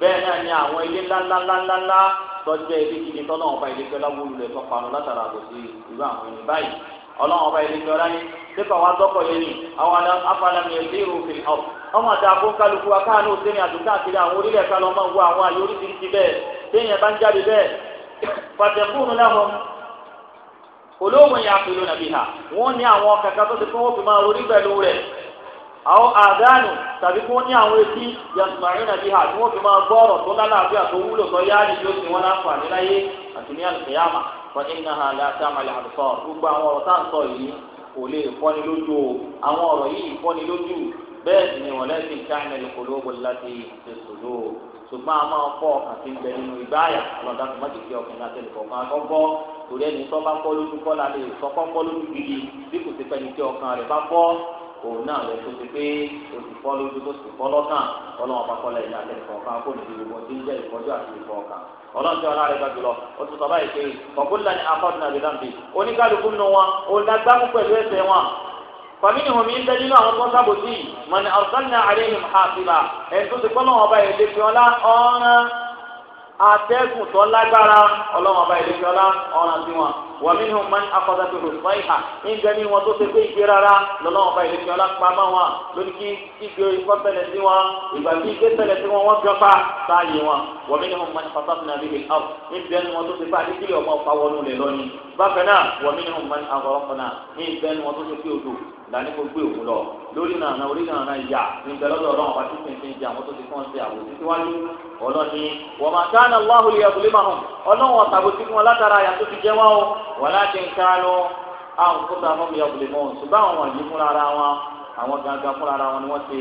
bẹ́ẹ̀ náà ni àwọn ilé ńláńláńláńlá tọ́jú ilé kìíní tọ́lọ́ ọba ilé kẹlá wọlé rẹ̀ tọ́pa lọ látara àbòsí irú àwọn ẹni báyìí ọlọ́run ọba ilé kẹlá ni sípò wa dọ́kọ̀ yẹn ni àwọn afalami ẹ̀dí òfin ọ̀ ọmọ àti àbó kálukú wa káàánú àdúgbò àwọn orílẹ̀ àwọn àyè oríṣiríṣi bẹ́ẹ̀ sẹ́yìn bá ń jáde bẹ́ẹ̀ olóògùn ha wọ́n ní àwọn tó ti fi àwọn àdánù tàbí kí wọ́n ní àwọn etí yasmarina bíi ha tí wọ́n fi máa gbọ́ ọ̀rọ̀ tó lálàáfíà tó wúlò tó yá ni yóò ṣe wọ́n láǹfààní láyé àti ní àlùkìyàmà fa innaha la ta'mal àlùkọ́ gbogbo àwọn ọ̀rọ̀ tá à ń sọ yìí kò lè fọ́ni lójú o àwọn ọ̀rọ̀ yìí fọ́ni lójú bẹ́ẹ̀ sì ni wọ́n lẹ́sìn káàmì lùkòlóògbò láti ṣe sòló ṣùgbọ́n a máa fọ́ àti ń bẹ nínú ìgbáyà ọlọ́dà tó má jèké ọkùnrin láti ẹnì kọ̀ọ̀kan akọ́kọ́ torí ẹni tó bá kọ́ lójú kọ́ la lè sọ kọ́kọ́ lójú gidi bí kò sí pẹ́ni tí ọkàn rẹ̀ bá kọ́ òun náà lọ tó ti pé olùkọ́ lójú tó sì kọ́ lọ́kàn ọlọ́run pàkọ́lẹ̀ ìlà àtẹnukọ̀ kan kó níbi gbogbo tí ń jẹ́ ìkọjú àti ìkọ̀ ọ̀kan ọlọ́run tí wọn lára ẹgbẹ́ jùlọ ó ti sọ báyìí pé kọ̀kúnlá ni afọ́dúnà lè dàbí oníkálukú nù wọn olágbámú pẹ̀lú ẹsẹ̀ wọn fàmínì hùmí ń tẹ́jú náà wọn tó ń sábòtì mọ̀nà ọ̀sánná àríyìn àfìlà ẹ̀sùn ti kọ́lọ́wọ́n ọba ìlẹ́fẹ́ ọlá ọ̀ràn atẹ́gùn tó lágbára ọlọ́wọ́n ọba ìlẹ́fẹ́ ọlá ọ̀ràn sí wọn wà mí hàn mọ́ akọ́dá tó lò fún ìhà nígbà ní wọn tó ṣe pé ìgbé rárá lọ́nà ọba ìlẹ́kẹ́ ọlápamọ́ wọn lórí kí ìgbé ikọ́ tẹ̀lé sí wọn ìgbà tí ìgbé tẹ̀lé sí wọn wọ́n gbọ́fà sáàyè wọn wà mí hàn mọ́ akọ́dá tó nàbí lè hàn nígbà ní wọn tó ṣe pé àdékìlẹ̀ ọmọ ọ̀pá wọnú lẹ̀ lọ́ni bákan náà wà mí hàn lani mo gbé òun lọ lórí nàánà orí nàánà ìyá nígbà lọ́dọ̀ ọlọ́run ọba tó fìfín di àwọn tó ti fún ọ sí àbòsí síwájú ọlọ́ni wọ́n máa ká náà wáhùn ìyá máa hàn ọlọ́run ọ̀tàbòsí fún wọn látara àyà tó ti jẹ́ wọn o wọ́n láti ń ká lọ àwọn kó fún ìyá òkúlé mọ́ àwọn wọ̀nyí fúnra ara wọn àwọn gangan fúnra ara wọn ni wọ́n ṣe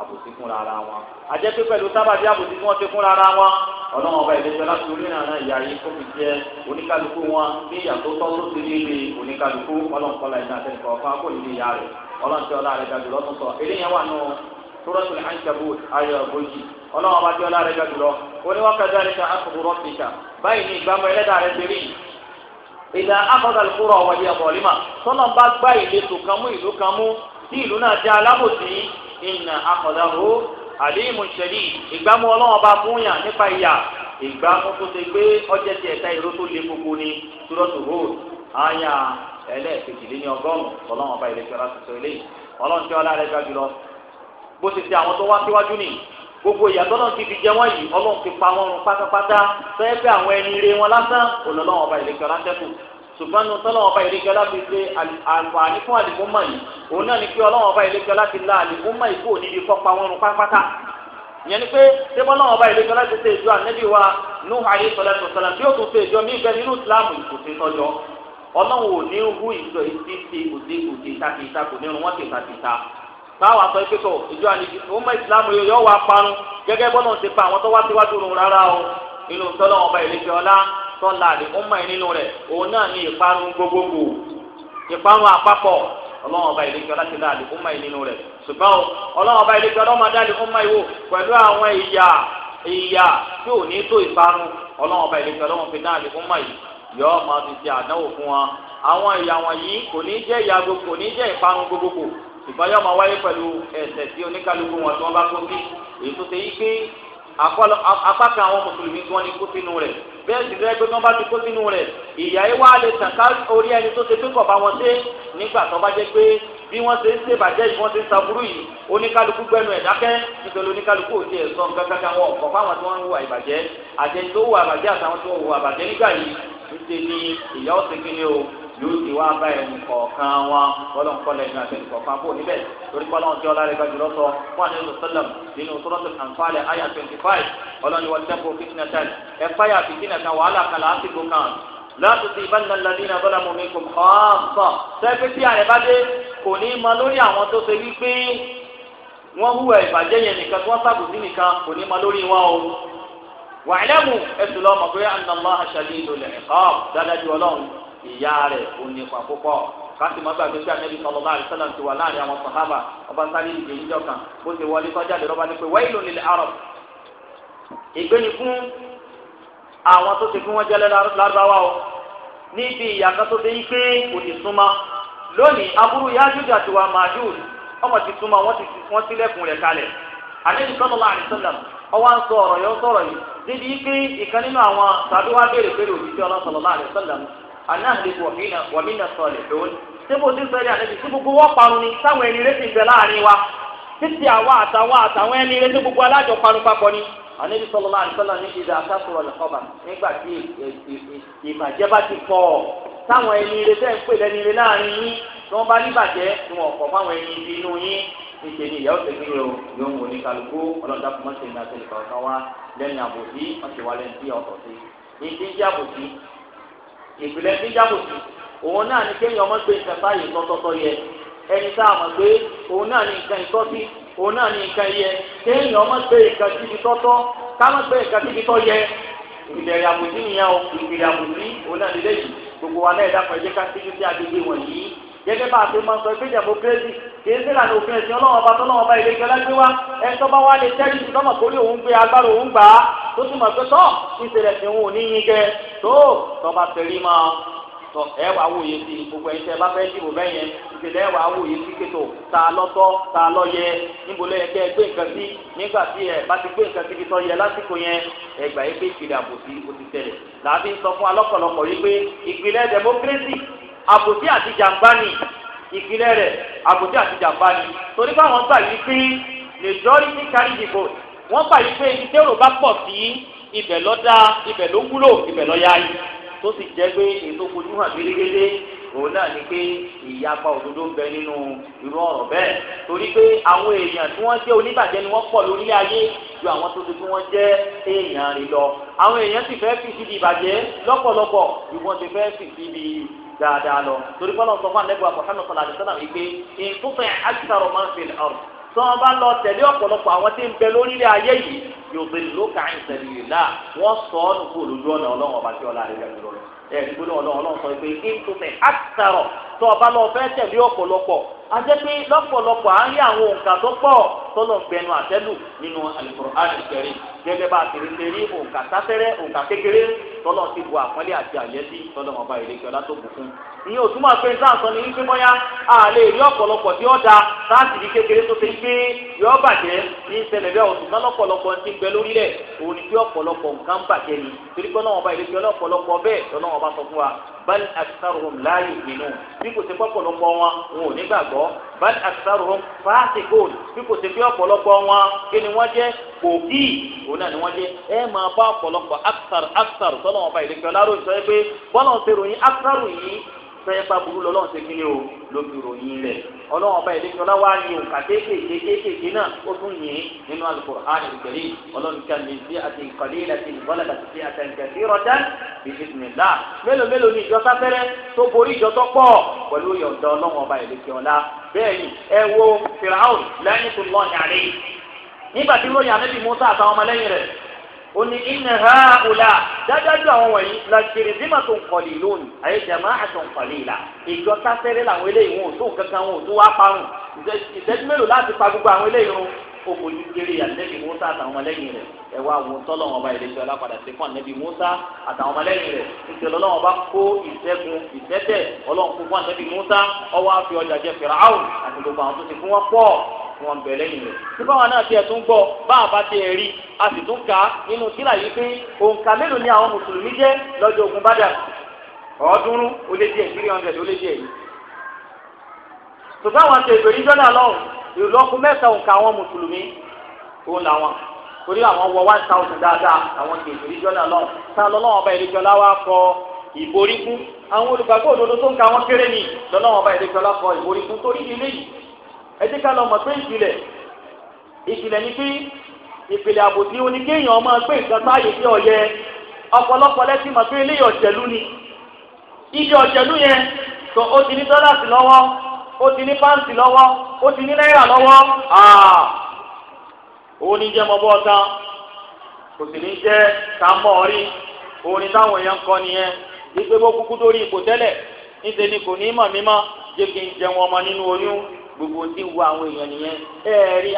àbòsí fúnra ara wọn. àjẹ́ pé pẹ̀lú sábàbí àbòsí tí wọ́n ṣe fúnra ara wọn ọlọ́run ọba ìlẹ́jọ́ láti orí ìrànà ìyá yìí kó fi jẹ oníkálukú wọn ní ìyàtọ̀ tọ́wọ́ sí nílé oníkálukú ọlọ́run kọ́lá ìdá àtẹnukọ̀ ọ̀fọ́ akóyè ní ìyá rẹ̀ ọlọ́run tí ọlá rẹ̀ ga jùlọ tún sọ eléyàn wà nù Suratul Ankabut ayọ̀ ogójì ọlọ́run ọba tí ọlá rẹ̀ ga jùlọ oníwàkàtà rẹ̀ ká àkùrọ̀ fìṣà báyìí ní tí ìlú náà jẹ́ alábòsí ìnà akọ̀dáhó àlímù ṣẹlí ìgbàmú ọlọ́wọ́n bá fún yàn nípa ìyà ìgbàmú tó ṣe pé ọjọ́ ti ẹ̀ka ìró tó le gbogbo ni túrọ́tù hóòd àyà ẹlẹ́ẹ̀kejìléní ọgọ́rùn-ún ọlọ́wọ́n bá ìlẹ́kẹ́ ọlá tuntun eléyìí ọlọ́run tí ọlá rẹ̀ gbà jùlọ bó ti ṣe àwọn tó wá síwájú nìyí gbogbo ìyàtọ̀ náà ti fi jẹ wọ́n yìí ọlọ́run ti pa wọ́n run pátápátá fẹ́ẹ́ fẹ́ àwọn ẹni ire wọn lásán òun lọ́wọ́ ọba ìlẹ́kẹ́ ọlá tẹ́kù ṣùgbọ́n nu tọ́lọ́wọ́n ọba ìlẹ́jọ́ láti ṣe àǹfààní fún àlìmúmọ̀ yìí òun náà ni pé ọlọ́wọ́n ọba ìlẹ́jọ́ láti la àlìmúmọ̀ yìí kò níbi kọ́pa wọn rún pátápátá ìyẹn ni pé tẹ́bọ́ ọlọ́wọ́n ọba ìlẹ́jọ́ láti ṣe ìjọ ànẹ́bí wa Nuhu ayé sọlẹ́tọ̀ sọlá bí ó tún ṣe ìjọ mí bẹ́ẹ̀ nínú Islam kò ṣe tọ́jọ́ ọlọ́wọ́n ò ní hu ìjọ ìdíje òde òde ìtakìta kò ní wọn báwa sọ pé tó ìjọ ànìjì ọmọ ìsìlámù yóò wá parun gẹ́gẹ́ bọ́lá ń ṣe pa àwọn tó wá síwájú rún rárá o nínú tọ́lọ́wọ́n ọba ìlẹ́jọ́ ọlá tọ́lá rẹ̀ ó mọ̀ nínú rẹ̀ òun náà ní ìparun gbogbogbò ìparun àpapọ̀ ọlọ́run ọba ìlẹ́jọ́ láti dá àlè ó mọ̀ nínú rẹ̀ ṣùgbọ́n ọlọ́run ọba ìlẹ́jọ́ ọlọ́run adá àlè ó mọ̀ ìwò pẹ̀lú àwọn ìyà ìyà tí ò ní tó ìparun ọlọ́run ọba ìlẹ́jọ́ ọlọ́run fi dá àlè ó mọ̀ yìí yọọ máa fi ṣe àdánwò fún wọn àwọn ìyà wọ̀nyí kò ní jẹ́ ìyà gbogbo kò ní jẹ́ ìparun gbogbogbò ṣùgbọ́n yọọ máa wáyé pẹ̀lú ẹ̀ṣẹ̀ tí oníkálukú wọn tí wọ́n bá kó sí èyí tó ṣe yí pé apá kan àwọn mùsùlùmí gan ni kó sínú rẹ̀ bẹ́ẹ̀ sì rẹ́ pé wọ́n bá ti kó sínú rẹ̀ ìyá yìí wá lè tàn ká orí ẹni tó ṣe pé kò bá wọn dé nígbà tó bá jẹ́ pé bí wọ́n ṣe ń ṣèbàjẹ́ yìí wọ́n ṣe ń saburú yìí oníkálukú gbẹnu ẹ̀ dákẹ́ nítorí oníkálukú òde ẹ̀ sọ nǹkan kankan wọn ọ̀kọ̀ fáwọn tí wọ́n ń hùwà ìbàjẹ́ àjẹni yóò ti wá bá ẹnu kọ̀ọ̀kan wọn bọ́lọ̀ ń kọ́lẹ̀ ní àtẹnu kọ̀ọ̀kan kó níbẹ̀ torí pé ọlọ́run tí ọlá rẹ̀ gbajúlọ sọ fún àdéhùn sọlọm nínú sọlọtò àǹfààlẹ̀ àyà twenty five ọlọ́run wọ́n tẹ́kọ̀ fìtínà tán ẹ fáyà fìtínà kan wàhálà kan làásìkò kan láti ti ìbá nà lálẹ́ iná bọ́lá mọ̀mí kò kọ́ọ̀sọ̀ sẹ́fẹ́ tí àrẹ dé kò ní ìyá rẹ̀ ò ní ipa púpọ̀ káàtì mọ́ gbàgbé sí anabi sallallahu alaihi wasallam ti wà láàrin àwọn sàhábà ọba sáré ìgbè níjọ kan bó ti wọlé sọ́jà lè rọ́bà ní pé wailun lil arab ìgbéni fún àwọn tó ti fún wọn jẹ́lẹ́ lárúbáwá o níbi ìyàkan tó ti yí pé kò ní súnmọ́ lónìí aburú àti ọmọ ti ti anáhìlẹ́kù wàmínà sọ̀lẹ̀ lóun síbò tí sọ́jà àlẹ́bí tí gbogbo wọ́n parun ni táwọn ẹni rẹ̀ ti bẹ̀ láàrin wa títí àwa àtàwa àtàwọn ẹni rẹ̀ tí gbogbo alájọ parun papọ̀ ni àlẹ́bí sọ̀rọ̀ máa ń sọ̀rọ̀ ní ìdá àtàkùrọ̀ lẹ́kọ̀ọ̀bà nígbà tí ìbàjẹ́ bá ti pọ̀ táwọn ẹni rẹ̀ tẹ́ ń pè lẹ́ni rẹ̀ láàrin yín tí wọ́n bá níbàjẹ́ ni wọ́n kọ̀ fáwọn ẹni inú yín níṣẹ́ ni ìyàwó tẹ̀sí rẹ̀ yóò mú oníkálukú ọlọ́dà fún mọ́tò ìrìn àti ìkọ̀ọ̀kan wa lẹ́yìn àbòsí ọ̀sẹ̀ wa lẹ́yìn tí ní ti ń jẹ́ àbòsí ìpìlẹ̀ ní jábòsí òun náà ni kéèyàn ọmọ gbé nǹkan báyìí tọ́tọ́tọ́ yẹ ẹni tá a mọ̀ pé òun náà ni nǹkan ìtọ́sí òun náà ni nǹkan yẹ kéèyàn ọmọ gbé nǹkan síbi tọ́tọ́ ká mọ̀ nǹkan síbi tọ́ yẹ ìpìlẹ̀ ìyàbòsí nìyẹn o ni lẹ́yìn gbogbo wa náà ẹ̀dá ẹ̀jẹ̀ ká síbi tí gẹ́gẹ́ bá a ti máa sọ pé democracy kìí sí ìlànà òfin ẹ̀sìn ọlọ́wọ́n ọba tó lọ́wọ́ ọba ilé ìjọba gbé wá ẹ̀tọ́ bá wá lè tẹ́lẹ̀ sí lọ́mọ kórè òun gbé agbára òun gbà á tó sì mọ̀ pé tọ́ ìṣẹ̀lẹ̀ sí òun ò ní yín jẹ tó tọ́ba tẹ̀lé mọ́ tọ ẹ wàá wòye sí gbogbo ẹ̀ ń tẹ́ bá fẹ́ dìbò bẹ́yẹn ìṣẹ̀lẹ̀ ẹ wàá wòye sí kéto ta lọ́tọ́ ta lọ́yẹ níbo lẹ́yẹ kẹ́ ẹ gbé nǹkan sí nígbà tí ẹ bá ti gbé nǹkan síbi tọ́ yẹ lásìkò yẹn ẹ yẹ pé ìpìlẹ̀ àbòsí ó ti tẹ̀lẹ̀ làbí ń sọ fún alọ́pọ̀lọpọ̀ yìí pé ìpìlẹ̀ democracy àbòsí àti jàǹbá ni ìpínlẹ̀ rẹ̀ àbòsí àti jàǹbá ni torí báwọn gbà yí pé majority carry the vote wọ́n gbà yí pé ibi tẹ́rò bá pọ̀ sí ibẹ̀ ló dáa ibẹ̀ ló wúlò ibẹ̀ ló yáyí tó sì jẹ́ pé ètò fojú hàn gédégédé òun náà ni pé ìyapa òdodo ń bẹ nínú irú ọ̀rọ̀ bẹ́ẹ̀ torí pé àwọn èèyàn tí wọ́n jẹ́ oníbàjẹ́ ni wọ́n pọ̀ lórílẹ̀ ayé ju àwọn tó ti fi wọ́n jẹ́ èèyàn rí lọ àwọn èèyàn sì fẹ́ fi síbi ìbàjẹ́ lọ́pọ̀lọpọ̀ ju ti fẹ́ fi síbi dáadáa lọ torí pọ́lọ́ sọ fún anẹ́gbà Muhammad sallallahu alaihi wasallam wípé ìtúfẹ́ akitaro máa ń fi ọ̀rọ̀ tí wọ́n bá lọ tẹ̀lé ọ̀pọ̀lọpọ̀ àwọn tí ń bẹ lórílẹ̀ ayé yìí yóò fi lóka ìsẹ̀lélá wọ́n sọ ọ́ nù kó lójú ọ̀nà ọlọ́run ọba tí ọlá rẹ̀ lẹ́nu tó ọba lọ fẹ́ tẹ̀lé ọ̀pọ̀lọpọ̀ a jẹ́ pé lọ́pọ̀lọpọ̀ à ń rí àwọn òǹkà tó pọ̀ tọ́lọ̀ gbẹnu àtẹ́lù nínú Al-Qur'an Al-Karim gẹ́gẹ́ bá a ti rí rí òǹkà sátẹ́rẹ́ òǹkà kékeré tọ́lọ̀ ti bu àpọ́nlé àti àyẹ́sí tọ́lọ̀ ọba ìrèké ọlá tó bùkún. ìyẹn ò túmọ̀ pé nǹkan sọ ni wípé bóyá a lè rí ọ̀pọ̀lọpọ̀ tí ó da láti di kékeré tó ti gbé yọ bàjẹ́ ní ìṣẹ̀lẹ̀ bẹ́ẹ̀ òtún náà lọ́pọ̀lọpọ̀ ti gbẹ lórílẹ̀ òun ni pé ọ̀pọ̀lọpọ̀ nǹkan bàjẹ́ ni torí pé ọlọ́wọ́n ọba ìrèké ọlọ́pọ̀lọpọ̀ bẹ́ẹ̀ tọ́lọ́wọ́n ọba sọ fún wa bal aktharuhum la yu'minun bí kò ṣe pọ̀pọ̀lọpọ̀ wọn wọn ò ní gbàgbọ́ bal aktharuhum fasiqun bí kò ṣe pé ọ̀pọ̀lọpọ̀ wọn kí ni wọ́n jẹ́ kòkí òun náà ni wọ́n jẹ́ ẹ máa bá ọ̀pọ̀lọpọ̀ akthar akthar tọ́lọ̀ wọn bá ìlẹ́kẹ́ ọláròyìn sọ pé bọ́lọ̀ ń ṣe ròyìn akthar yìí fẹ́ẹ́ bá burú lọ́lọ́run ṣe kí ni o ló fi ròyìn rẹ̀ ọlọ́wọ́n ọba ìdíje ọláwá ní òǹkà kéékèèké kéékèèké náà ó tún yìn nínú al-Qur'an al-Karim ọlọ́run kan ní sí àti ìkọ̀lé àti ìbọ́lá àti sí àti ìkẹ̀sí rọ̀já bìbìtìmìlá mélòó mélòó ni ìjọ sáfẹ́rẹ́ tó borí ìjọ tó pọ̀ pẹ̀lú yọ̀ǹda ọlọ́wọ́n ọba ìdíje ọlá bẹ́ẹ̀ ni ẹ wo Fir'aun lẹ́yìn tó lọ́ọ̀yà rẹ̀ nígbà tí lóyè Musa àtàwọn ọmọlẹ́yìn ó ní inna haula dájájú àwọn wọ̀nyí la jirizimatun qalilun àyè jama'atun qalila ìjọ sáfẹ́rẹ́ làwọn eléyìí wọn ò tó kankan wọn ò tó wá parun ìṣẹ́jú mélòó láti pa gbogbo àwọn eléyìí run ó fojú kéré ànẹ́bí musa àtàwọn ọmọlẹ́yìn rẹ̀ ẹ wá wo tọ́lọ́wọ́n ọba ìrẹsì ọlápadà sí fún ànẹ́bí musa àtàwọn ọmọlẹ́yìn rẹ̀ níṣẹ́ lọ́lọ́wọ́n bá kó ìṣẹ́gun ìṣẹ́tẹ̀ ọlọ́run kó fún ànẹ́bí musa ọwọ́ àfi ọjà jẹ fìràwù àti gbogbo àwọn tó ti fún wọn pọ̀ fún wọn bẹ̀rẹ̀ lẹ́yìn rẹ̀. tí báwọn náà tiẹ̀ tún gbọ́ bá a bá tiẹ̀ rí a sì tún kà á nínú sílà pé òǹkà mélòó ni àwọn mùsùlùmí jẹ́ lọ́jọ́ ogun bàdà ọ̀ọ́dúnrún ó lé díẹ̀ three hundred ó lé díẹ̀ yìí. tòbá àwọn àti ètò ìjọ náà lọ́hùn ìlọ́kù mẹ́ta òǹkà àwọn mùsùlùmí òun làwọn torí àwọn wọ one thousand dáadáa àwọn kèké ìjọ náà lọ sáà lọ́wọ́ ọba ìlẹ́jọ́ láwa kọ ìborí fún àwọn olùgbàgbọ́ òdodo tó ń ka wọn kéré ni lọ́wọ́ ọba ìlẹ́jọ́ láwa kọ ìborí torí ilé yìí ẹ ká lọ mọ̀ pé ìpìlẹ̀ ìpìlẹ̀ ni pé ìpìlẹ̀ àbòsí ó ní kéèyàn máa pé nǹkan sáàyè sí ọ̀yẹ ọ̀pọ̀lọpọ̀ lẹ́sìn mọ̀ pé ilé ọ̀jẹ̀lú ni ilé ọ̀jẹ̀lú yẹn ó ti ní pàǹtì lọ́wọ́ ó ti ní náírà lọ́wọ́ ah! òun ní jẹ́ mọ́bọ́ ọ̀tá kò sì ní jẹ́ sàmọ́ ọ̀rí òun ní táwọn èèyàn kọ́ nìyẹn wípé bó kúkú dórí ipò tẹ́lẹ̀ níṣẹ́ ni kò ní mọ̀ mímọ́ jẹ́ kí n ọmọ nínú oyún gbogbo tí ń wo àwọn èèyàn nìyẹn ni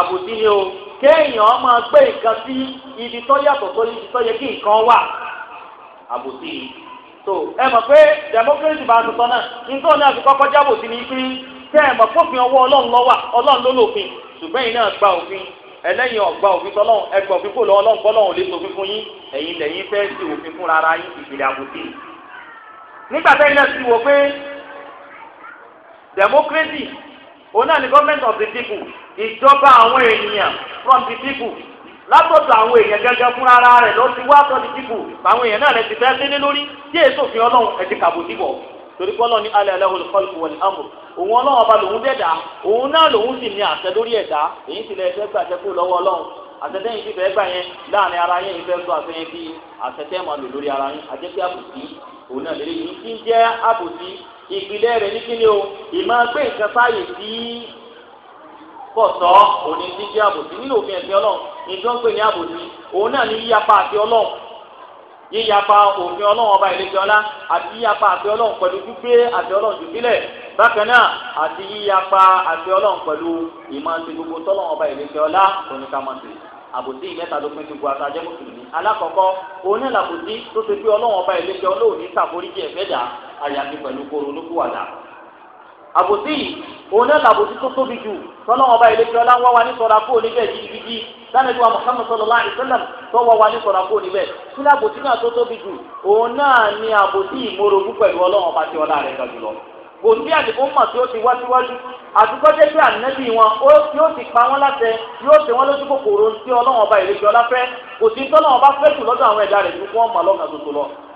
àbòsí ni o kéèyàn máa gbé nǹkan sí ibi tó yàtọ̀ tó ibi tó yẹ kí nǹkan wà àbòsí so ẹ mọ̀ pé democracy bá a tuntun náà nítorí náà fi kọ́kọ́ jábọ̀ sí ní pín tẹ́ ẹ mọ̀ fófin ọwọ́ ọlọ́run lọ́wà ọlọ́run ló lòfin ṣùgbọ́n yìí náà gba òfin ẹlẹ́yìn ọ̀gba òfin tọ́lọ́run ẹgbẹ́ òfin kò lọ ọlọ́run kọ́lọ́run lè sòfin fún yín ẹ̀yin lẹ́yìn fẹ́ sí òfin fún rárá yín ìpìlẹ̀ àbòsí. nígbà tẹ́yìn náà ti wò pé democracy òun náà ni government of the people ìjọba àwọn ènìyàn from the people látọ̀dọ̀ àwọn èèyàn gẹ́gẹ́ fún ara rẹ̀ lọ sí wá sọ́ni dìbò àwọn èèyàn náà rẹ̀ ti fẹ́ lé lórí tí èso fi ọlọ́run ẹ̀ ti kàbò dìbò torí pé ọlọ́run ní alẹ́ alẹ́ olùkọ́lùkù wọ̀lẹ̀ amò òun ọlọ́run ọba lòun dẹ̀dá òun náà lòun sì ní àṣẹ lórí ẹ̀dá èyí sì lẹ ẹ̀fẹ́ gbà àṣẹ kú lọ́wọ́ ọlọ́run àtẹ̀tẹ̀yìn sì fẹ́ gbà yẹn láàrin ara yẹn ìfẹ́ sọ àṣẹ yẹn bí àtẹ̀tẹ̀ máa lò lórí ara yẹn àjẹpé àbòsí òun náà lélẹ́yìn kí ń jẹ́ àbòsí ìpìlẹ̀ rẹ̀ ní kíni o ìmọ̀ gbé nǹkan sáyè sí kọ̀tọ́ òní ti jẹ́ àbòsí nínú òfin ẹ̀sìn ọlọ́run ìjọ ń pè ní àbòsí òun náà ní yíyapa àti ọlọ́run yíyapa òfin ọlọ́run ọba ìlẹ́jọ́ ọlá àti yíyapa àti ọlọ́run pẹ̀lú gbígbé àti ọlọ́run jù sílẹ̀ bákan náà àti yíyapa àti ọlọ́run pẹ̀lú ìmọ̀ọ́sí gbogbo tọ́lọ́run ọba ìlẹ́jọ́ ọlá oníkàmọ́sí àbòsí ìmẹ́ta ló pín gbogbo àtàjẹ́ mùsùlùmí alákọ̀ọ́kọ́ òun náà làbòsí tó ṣe pé ọlọ́run ọba ìlẹ́jọ́ ọlọ́run ní sàforíjì ẹ̀fẹ́dà àyàfi pẹ̀lú koro olókùwàdà àbòsí òun náà làbòsí tó tóbi jù sọlọ́wọ́n ọba ilé fiọ́lá ń wá wa ní sọ̀rọ̀ àpò oníbẹ̀ gidigidi lánàá ìwà Muhammad sallallahu alaihi wasallam tó wá wa ní sọ̀rọ̀ àpò oníbẹ̀ tí làbòsí náà tó tóbi jù òun náà ni àbòsí ìmọ̀rògún pẹ̀lú ọlọ́wọ́n ọba tí ọlá rẹ̀ ga jùlọ. kò sí àdìgún mọ̀ tí ó ti wá síwájú àdúgbò jẹ́ pé ànẹ́bí wọn yóò ti pa wọ́n láṣẹ yóò ṣe wọ́n lójú kòkòrò tí ọlọ́wọ́n ọba ìrèké ọlá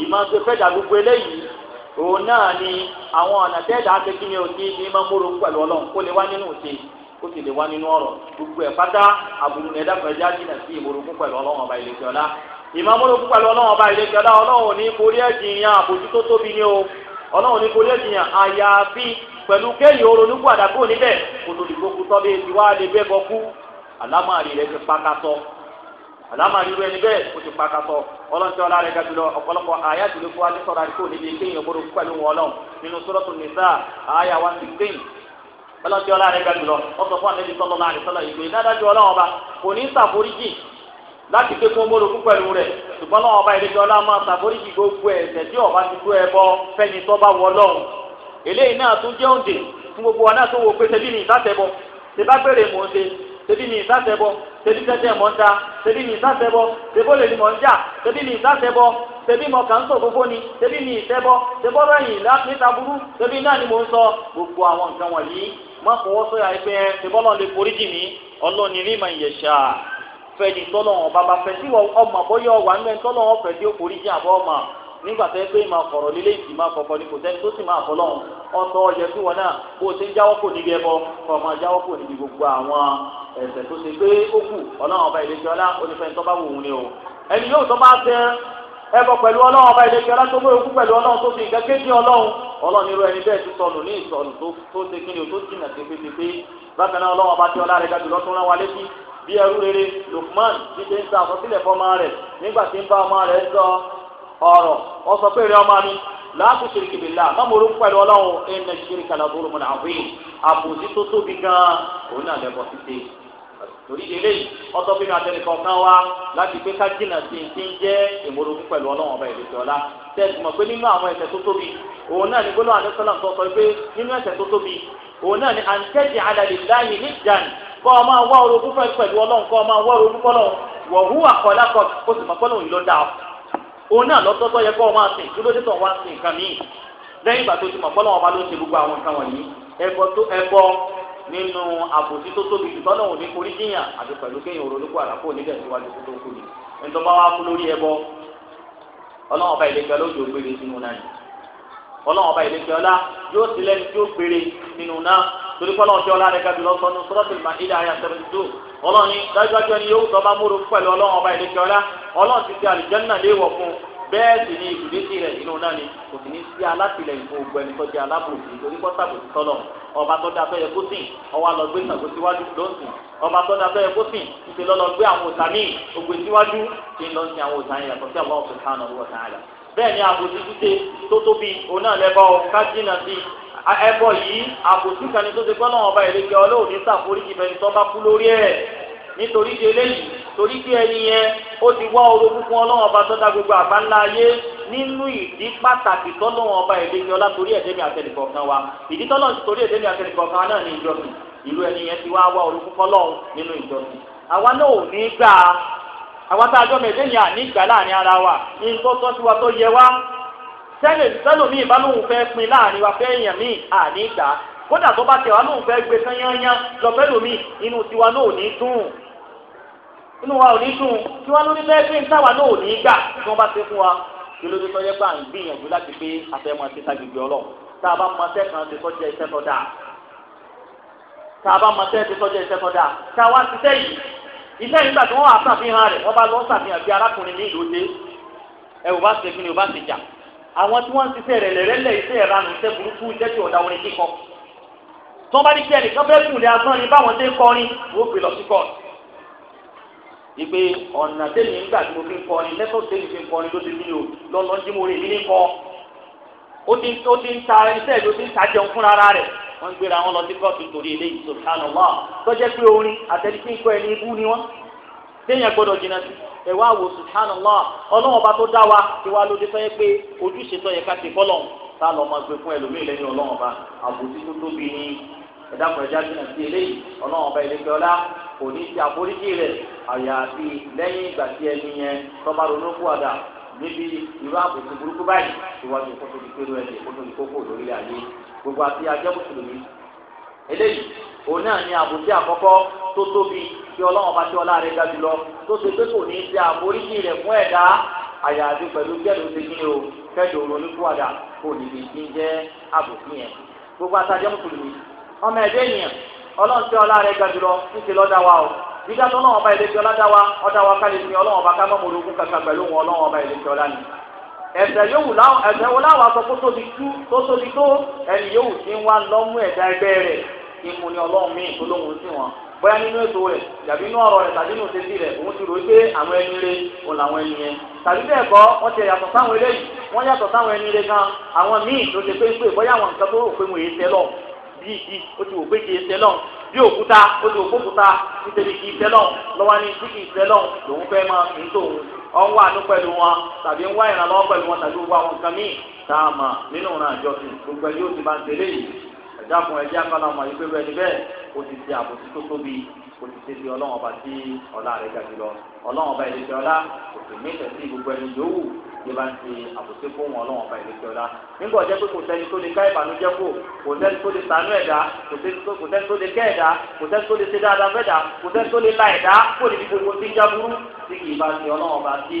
ìmọ̀ọ́sọ fẹ́dà gbogbo eléyìí òun náà ni àwọn ọ̀nà tẹ́ẹ̀dá ṣe kí ni o ti ní mọ́múrò pẹ̀lú ọlọ́run kó lè wá nínú òṣè kó sì lè wá nínú ọ̀rọ̀ gbogbo ẹ̀ pátá àbùrù ní ẹ̀dá pẹ̀lú jáde sí pẹ̀lú ọlọ́run ọba ọ̀la ọba ọ̀la ọlọ́run ní ẹ̀jìyàn àbójútó ni o ọlọ́run ní pẹ̀lú kéèyàn níbẹ̀ àlámà irú ẹni bẹ́ẹ̀ o ti pa kakọ ọlọ́ntì ọlá rẹ̀ ga jùlọ ọ̀pọ̀lọpọ̀ àyà jùlọ fún alẹ́ sọ̀rọ̀ àdìpọ̀ níbi kéyìn ògbóró pẹ̀lú wọn lọ nínú sọ́rọ́tù nìsa àyà one sixteen ọlọ́ntì ọlá rẹ̀ ga jùlọ wọ́n fún àlejò sọ́lọ́ náà àdìsọ́lọ́ ọlọ́run ọba kò ní ṣàforíjì láti pé kún gbóró rẹ̀ ṣùgbọ́n ọba ìlejò ọlá máa gbogbo ẹ̀ṣẹ̀ tí ọba ti tó fẹ́ni tó bá ṣebí tẹ́tẹ́ mọ̀ ń ta ṣebí mi ìsásẹ́bọ ṣebó lè ní mọ̀ ń jà ṣebí mi ìsásẹ́bọ ṣebí mọ̀ kà ń sọ fófó ni ṣebí mi ìsẹ́bọ ṣebó rẹ̀yìn níta burú ṣebí náà ni mò ń sọ gbogbo àwọn nǹkan wọ̀nyí má fọwọ́ sọ́yà ẹgbẹ́ ṣebọ́lọ́ lè forí jì mí ọlọ́ni rí màá yẹ̀ ṣá fẹ́ni tọ́lọ́ wọn bàbá fẹ́ sí ọmọ bóyá ọwà ń lẹ́ tọ́lọ́ wọn fẹ́ nígbà tó yẹ pé máa fọ̀rọ̀ lílé ìdì máa kọ̀kọ́ ni kò sẹ́ni tó sì máa fọ́ lọ́hùn ọ̀tọ̀ ọ̀yẹ́ tí wọn náà bó o ṣe ń jáwọ́ kò níbi ẹbọ kọ́ máa jáwọ́ kò níbi gbogbo àwọn ẹ̀ṣẹ̀ tó ṣe pé ó kù ọlọ́run ọba ìlẹ́jọ́ ọlá onífẹ́ni tó bá wù ni o ẹni yóò tó bá tẹ ẹbọ pẹ̀lú ọlọ́run ọba ìlẹ́jọ́ ọlá tó gbé ogún pẹ̀lú ọlọ́run tó fi ìkẹ́kẹ́ ní ọlọ́run ọlọ́run irú ẹni bẹ́ẹ̀ ti sọnù ní ìsọnù tó ṣe kí ni o tó jìnà sí pé pé bákan náà ọlọ́run ọba tí ọlá rẹ̀ ga jùlọ tó rán wa létí bí ẹrú rere Lukman ti ṣe ń sa àkọsílẹ̀ fọmọ rẹ̀ nígbà tí ń bá ọmọ rẹ̀ sọ ọ̀rọ̀ wọ́n sọ pé èrè ọmọ mi láàbù ṣìrìkì bìlá mọ́mọ́rú pẹ̀lú ọlọ́run ẹ̀ẹ́nà ṣìrìkì alábòrò mọ́nà àwìn àbòsí tó tóbi gan-an òun náà lẹ́bọ̀ títí. torí eléyìí ọtọ́ bí mi àtẹnìkan kan wá láti pé ká jìnnà sí i ti ń jẹ́ ìmọ̀rọ̀kú pẹ̀lú ọlọ́run ọba ìrètí ọlá tẹ́sí mọ̀ pé nínú àwọn ẹ̀ṣẹ̀ tó tóbi òun náà ní gbólóhùn àdéṣọ́lá tó sọ pé nínú ẹ̀ṣẹ̀ tó tóbi òun náà ní àǹtẹ́jì alàlè láàyè ní kọ́ ọ òun náà lọ́tọ́tọ́ yẹ kọ́ ọ máa sìn dúró dé tó wá sìn nǹkan míì lẹ́yìn ìgbà tó ti mọ̀ pé Ọlọ́run ọba ló ṣe gbogbo àwọn nǹkan wọ̀nyí ẹbọ tó ẹbọ nínú àbòsí tó tóbi jù tọ́lọ̀ òní forí jiyàn àti pẹ̀lú kéèyàn òròlókò àlàfo onídẹ̀ síwájú kó tó kú ni ẹnitọ́ bá wá kú lórí ẹbọ Ọlọ́run ọba ìlẹ́kẹ́ ló yóò gbére sínú náà ni Ọlọ́run ọba ìlẹ́kẹ́ ọlá yóò ti lẹ́ni tí ó gbére sínú náà torí pé ọlọ́run tí ọlá rẹ̀ ga jùlọ sọ ní suratul Ma'idah àyà seventy two ọlọ́run ní dájúdájú ẹni yóò tọ́ba múru pẹ̀lú ọlọ́run ọba ìlẹ́kẹ́ ọlá ọlọ́run ti ti àlùjánnà léèwọ̀ fún un bẹ́ẹ̀ sì ni ìbùdíkì rẹ̀ inú náà ni kò sì ní sí alátìlẹyìn fún gbogbo ẹni tó jẹ́ alábòsí torí kọ́sàbò ti tọ́lọ̀ ọba tó dáa fẹ́yẹ kó sìn ọwọ́ àlọ́ gbé sàgbó síwájú ló ń sìn ọba tó dáa fẹ́yẹ kó gbé àwọn òsà ògbé síwájú ti ń àwọn òsà yẹn sí àwọn ọ̀sán náà wọ́n sàn bẹ́ẹ̀ ni àbòsí tó tóbi òun náà lẹ́bọ̀ kájínà sí ẹbọ yìí àbòsí kan ní tó ti gbọ́nà ọba ìrèké ọlọ́run ní sàforíjì fẹ́ni tó bá kú lórí ẹ̀ nítorí di eléyìí torí di ẹni yẹn ó ti wá orogún ọlọ́run ọba tó dá gbogbo ńlá nínú ìdí pàtàkì tọ́lọ́run ọba ìrèké torí ẹ̀dẹ́mi àwọn tá a jọ mẹ̀jẹ̀ ni àní ìgbà láàrin ara wa ní tó tọ́ sí wa tó yẹ wa tẹ́lẹ̀ tẹ́lómi ìbálòhùn fẹ́ pin láàrin wa fẹ́ èèyàn míì àní ìgbà kódà tó bá tẹ̀ wá lóhùn fẹ́ gbé sányányán lọ fẹ́lómi inú tiwa náà ò ní dùn inú wa ò ní dùn tiwa ló ní lẹ́gbẹ́ táwa náà ò ní gbà tí wọ́n bá ṣe fún wa kí ló dé tó yẹ pé à ń gbìyànjú láti pé àfẹ́mọ́ ti ta gbègbè tá a bá mọ iṣẹ́ nígbà tí wọ́n wà ṣàfihàn rẹ̀ wọ́n bá lọ ṣàfihàn bí arákùnrin ní ìlú dé ẹ ò bá ṣe ni ò àwọn tí wọ́n ń ṣiṣẹ́ rẹ̀ lẹ́rẹ́lẹ̀ iṣẹ́ ìranù iṣẹ́ burúkú iṣẹ́ tí ọ̀dà orin lé asán ni báwọn ṣe ń kọrin wọ́n lọ sí ọ̀nà nígbà tí mo fi ń kọrin fi ń kọrin ló ti wọ́n gbéra wọn lọ sí kóòtù torí eléyìí subhanallah tọ́jẹ́ pé orin àtẹ̀lẹ́sìn kọ́ ẹni ibú ni wọ́n téèyàn gbọ́dọ̀ jìnnà sí ẹ wá wò subhanallah ọlọ́run ọba tó dá wa ti wá lóde tó yẹ pé ojúṣe tó yẹ ká ti fọ́lọ̀ tá a lọ máa gbé fún ẹlòmíì lẹ́yìn ọlọ́run ọba àbòsí tó tóbi ni ẹ̀dá kọ̀ọ̀jà jìnnà sí eléyìí ọlọ́run ọba ìlẹ́kẹ̀ ọlá kò ní ti àforíjì rẹ̀ àyàfi lẹ́yìn ìgbà tí ẹni yẹn tó bá ronú fúwàdà níbi irú àbòsí burúkú báyìí ìwádìí kó tó di pé ló ẹ̀ gbogbo àti ajẹ́ mùsùlùmí eléyìí òun náà ni àbòsí àkọ́kọ́ tó tóbi tí ọlọ́run bá tí ọlá rẹ̀ ga jùlọ tó ṣe pé kò ní í ṣe àforíjì rẹ̀ fún ẹ̀dá àyàfi pẹ̀lú kẹ́lò ṣe kí ni o kẹ́lò ronúkúwàdà kò ní lè ti jẹ́ àbòsí yẹn gbogbo àtàjẹ́ mùsùlùmí ọmọ ẹ̀dẹ́ ènìyàn ọlọ́run tí ọlá rẹ̀ ga jùlọ níṣẹ́ lọ́dá wa o dídá tó ọlọ́run ọba ìlẹ́jọ́ ọlá dá wa ọdá wa ká lè sin ọlọ́run ọba ká mọ́ mọ́ ológun kankan pẹ̀lú òun ọlọ́run ọba ìlẹ́jọ́ ọlá ni ẹ̀ṣẹ̀ yòówù láwọn ẹ̀ṣẹ̀ wo láwọn aṣọ kó tóbi tú tó tóbi tó ẹni yòówù tí ń wá lọ́mú ẹ̀dá ẹgbẹ́ rẹ̀ ìmú ni ọlọ́run mí ìpolówó sí wọn bóyá nínú ètò rẹ̀ tàbí inú ọ̀rọ̀ rẹ̀ tàbí inú tètè rẹ̀ òun ti rò pé àwọn ẹni rẹ̀ òun làwọn ẹni yẹn tàbí bẹ́ẹ̀ kọ́ wọ́n ti yàtọ̀ sáwọn eléyìí wọ́n yàtọ̀ sáwọn ẹni rẹ̀ gan àwọn míì tó ṣe pé pé bóyá àwọn nǹkan tó rò pé mo yé tẹ́ lọ yìí ó ti wò pé kì í ṣe lọ́n bí òkúta ó ti wò pé òkúta nítorí kì í lọ́n lọ́wọ́ ní tí kì í lọ́n lòun fẹ́ máa fi ń tòun ọ̀n wà ní pẹ̀lú wọn tàbí ń wá ìrànlọ́wọ́ pẹ̀lú wọn tàbí wá wọn kan míì tá a mà nínú ìran àjọ sí gbogbo ẹ̀ yóò ti máa tẹ̀lé yìí ẹ̀dá fún ẹ̀dí akọ́lá ọmọ yìí pé bẹ́ẹ̀ bẹ́ẹ̀ ó ti ṣe àbòsí tó tóbi olùsè ti ọlọ́wọ́n ọba tí ọlá rẹ̀ gàdú lọ ọlọ́wọ́n ọba ìdíje ọlá kò sì ní ìtẹ̀sí gbogbo ẹni yòówù bí bá ń ti àbòsí fún wọn ọlọ́wọ́n ọba ìlẹ́kẹ́ ọ̀la nígbà ọ̀jẹ́ pé kò sẹ́ni tó lè ká ìbànújẹ́ kò kò sẹ́ni tó lè sànú ẹ̀dá kò sẹ́ni tó lè kẹ́ ẹ̀dá kò sẹ́ni tó lè ṣe dáadáa fẹ́dá kò sẹ́ni tó lè la ẹ̀dá kò ní bí gbogbo ti jábúrú tí kì í bá ti ọlọ́wọ́n ọba tí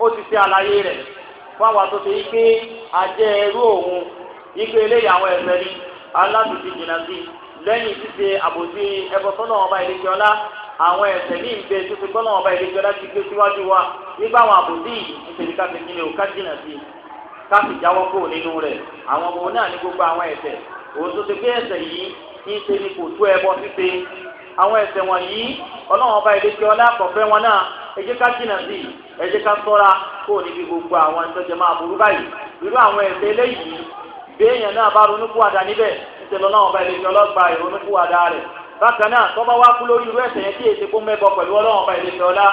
ó ti ṣe àlàyé rẹ̀ fún àwọn tó ike ajẹ́ ẹrú òun ike eléyìí àwọn ẹ̀fẹ́ rí aláàbìsí jìnnà sí lẹ́yìn ṣíṣe àbòsí ẹ̀kọ́ sọ́nà ọba ìlẹ́kẹ́ ọlá àwọn ẹ̀ṣẹ̀ ní ìgbẹ́ tó ti gbọ́nà ọba ìlẹ́kẹ́ ọlá ti gbé síwájú wa nígbà àwọn àbòsí ìṣèlú ká kí ni ò ká jìnnà sí rẹ̀ àwọn ọmọ náà ní àwọn ẹ jẹ́ ká jìnnà sí i ẹ jẹ́ ká ṣọ́ra kó níbi gbogbo àwọn ìtọ́jẹ máa burú báyìí irú àwọn ẹ̀ṣẹ̀ eléyìí béèyàn náà bá ronú kúwàdà níbẹ̀ níṣẹ́ lọ́nà ọba ìlẹ́jọ́ ọlọ́gba ìrònú kúwàdà rẹ̀ bákan náà tọ́ba wá kú lórí irú ẹ̀ṣẹ̀ yẹn tí èsì kó mẹ́bọ pẹ̀lú ọlọ́run ọba ọlá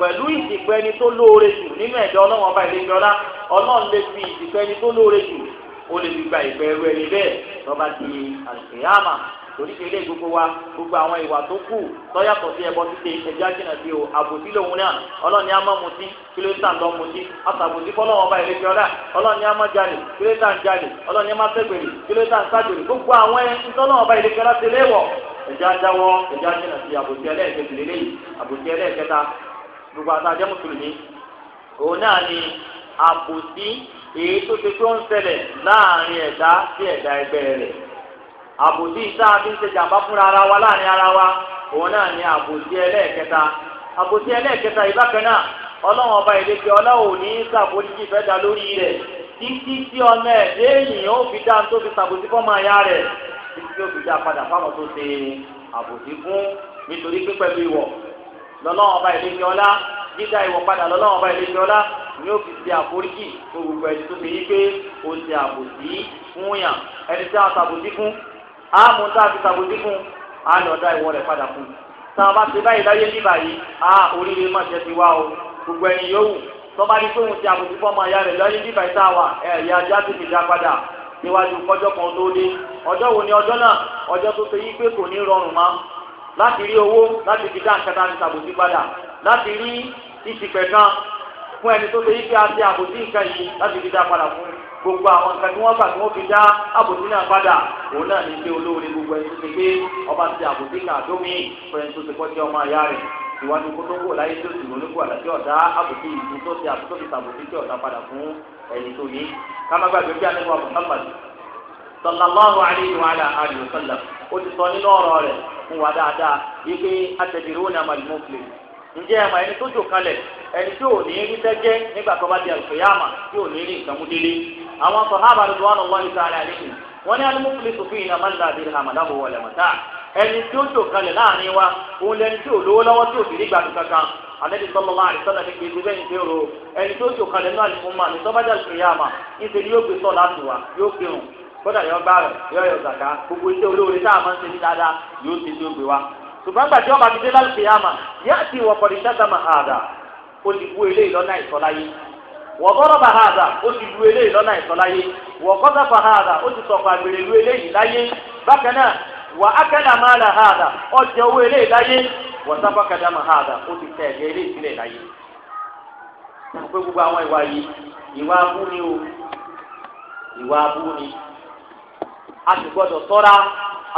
pẹ̀lú ìsìnkú ẹni tó lóore jù nínú ẹ̀dọ́ ọlọ́run ọba ọlá ọlọ́run lè fi ìsìnkú ẹni tó lóore jù ó lè fi gba ìgbẹ́ ẹrú ẹni tọ́ba di àlùkìyàmà torí ṣe ilé gbogbo wa gbogbo àwọn ìwà tó kù tọ́yàtọ̀ sí ẹbọ títẹ ẹjọ́ àjìnà bíi o àbòsí lòun náà ọlọ́ni á má mutí kílódítà ń lọ mutí àtàbòsí fọlọ́wọn ọba ìrètí ọ̀dà ọlọ́ni á má jalè kílódítà ń jalè ọlọ́ni á má ṣègbèrè kílódítà ń ṣàgbèrè gbogbo àwọn ìtọ́lọ́wọn ọba ìrètí ọ̀dà ti léwọ̀ ẹjọ́ àjáwọ́ ẹjọ́ àjìnà sí àbòsí àbòsí ìsáàfin ṣe jàmbá fúnra ara wa láàrin ara wa òun náà ni àbòsí ẹlẹ́ẹ̀kẹta àbòsí ẹlẹ́ẹ̀kẹta ìbákan náà ọlọ́run ọba ìlẹ́kẹ̀ ọlọ́run ò ní sàbòsí fẹ́ta lórí rẹ̀ títí tí ọmọ ẹ̀ léèyàn ó fi dá tó fi sàbòsí fọ́mọ aya rẹ̀ títí tí ó fi dá padà fáwọn tó ṣe àbòsí fún nítorí lọ́lọ́run ọba fi àforíjì gbogbo ẹni tó yí pé àmú tá a fi sàbòjì fún un a lọ dá ìwọ rẹ̀ padà fún un tá a bá ṣe báyìí láyé ní báyìí a oríire má ṣe ti o gbogbo ẹ̀yìn yòówù tọ́ba ní pé òun ti àbòjì fọ́mọ ayá rẹ̀ láyé ní tá a wà ajá ti fi dá padà níwájú kọjọ́ kan tó dé ọjọ́ wo ni ọjọ́ náà ọjọ́ tó ṣe yí pé kò ní rọrùn láti rí owó láti fi dá padà fún ẹni tó ṣe yí pé a gbogbo àwọn nǹkan tí wọ́n gbà tí wọ́n fi dá àbòsí náà padà òun náà ní pé olóore gbogbo ẹni tó ti gbé ọba ti àbòsí náà dómi fẹ́ẹ́ tó ti kọ́ jẹ́ ọmọ àyá rẹ̀ ìwádìí kó tó wò láyé tó sì lóníkó àlàjì ọ̀dá àbòsí ìlú tó ti àbòsí tó ti sàbòsí tí ọ̀dá padà fún ẹni tó ní. ká bí alẹ́ wa Muhammad sallallahu alayhi wa alihi wa sallam ó ti sọ nínú ọ̀rọ̀ rẹ̀ fún ǹjẹ́ ẹ mọ̀ ẹni tó jò kalẹ̀ ẹni tí ò ní rí sẹ́jẹ́ nígbà tó bá di àlùfẹ́yàmà tí ò ní rí nǹkan mú délé àwọn sọ̀hábà ló wà lọ́wọ́ ní sáré àlẹ́ yìí wọ́n ní alimọ́kùnrin sòfin ìlànà máa ń dàbí ìhàmàdà bò wọlé mọ̀tá ẹni tí ó jò kalẹ̀ láàrin wa òun lẹni tí ò lówó lọ́wọ́ tí ò sì rí gbàdú kankan alẹ́ ní sọ́mọ́ máa rí sọ́dọ̀ nípa ìlú bẹ́yìn tẹ́rọ ẹni tí ó jò kalẹ̀ náà ní fún ma ní sọ́bàjà ìfìyàmà níṣẹ́ ni yóò ṣùgbọ́n gbà tí wọ́n bá fi dé lálùkì yàmà yá àti ìwọ̀ kọ̀dí sátàmà àdà ó ti bu eléyìí lọ́nà ìsọ̀láyé wọ́n gbọ́dọ̀ bá àdà ó ti bu eléyìí lọ́nà ìsọ̀láyé wọ́n gbọ́dọ̀ bá àdà ó ti sọ̀kọ̀ àgbèrè lu eléyìí láyé bákan náà wà á kẹ́lá máa là àdà ó jẹ owó eléyìí láyé wọ́n sábà kẹ́lá máa àdà o ti tẹ̀ ẹ̀yẹ eléyìí sílẹ̀ láyé. pé gbogbo àwọn ìwà yìí ìwà abú ni o ìwà abú ni a sì gbọ́dọ̀ tọ́ra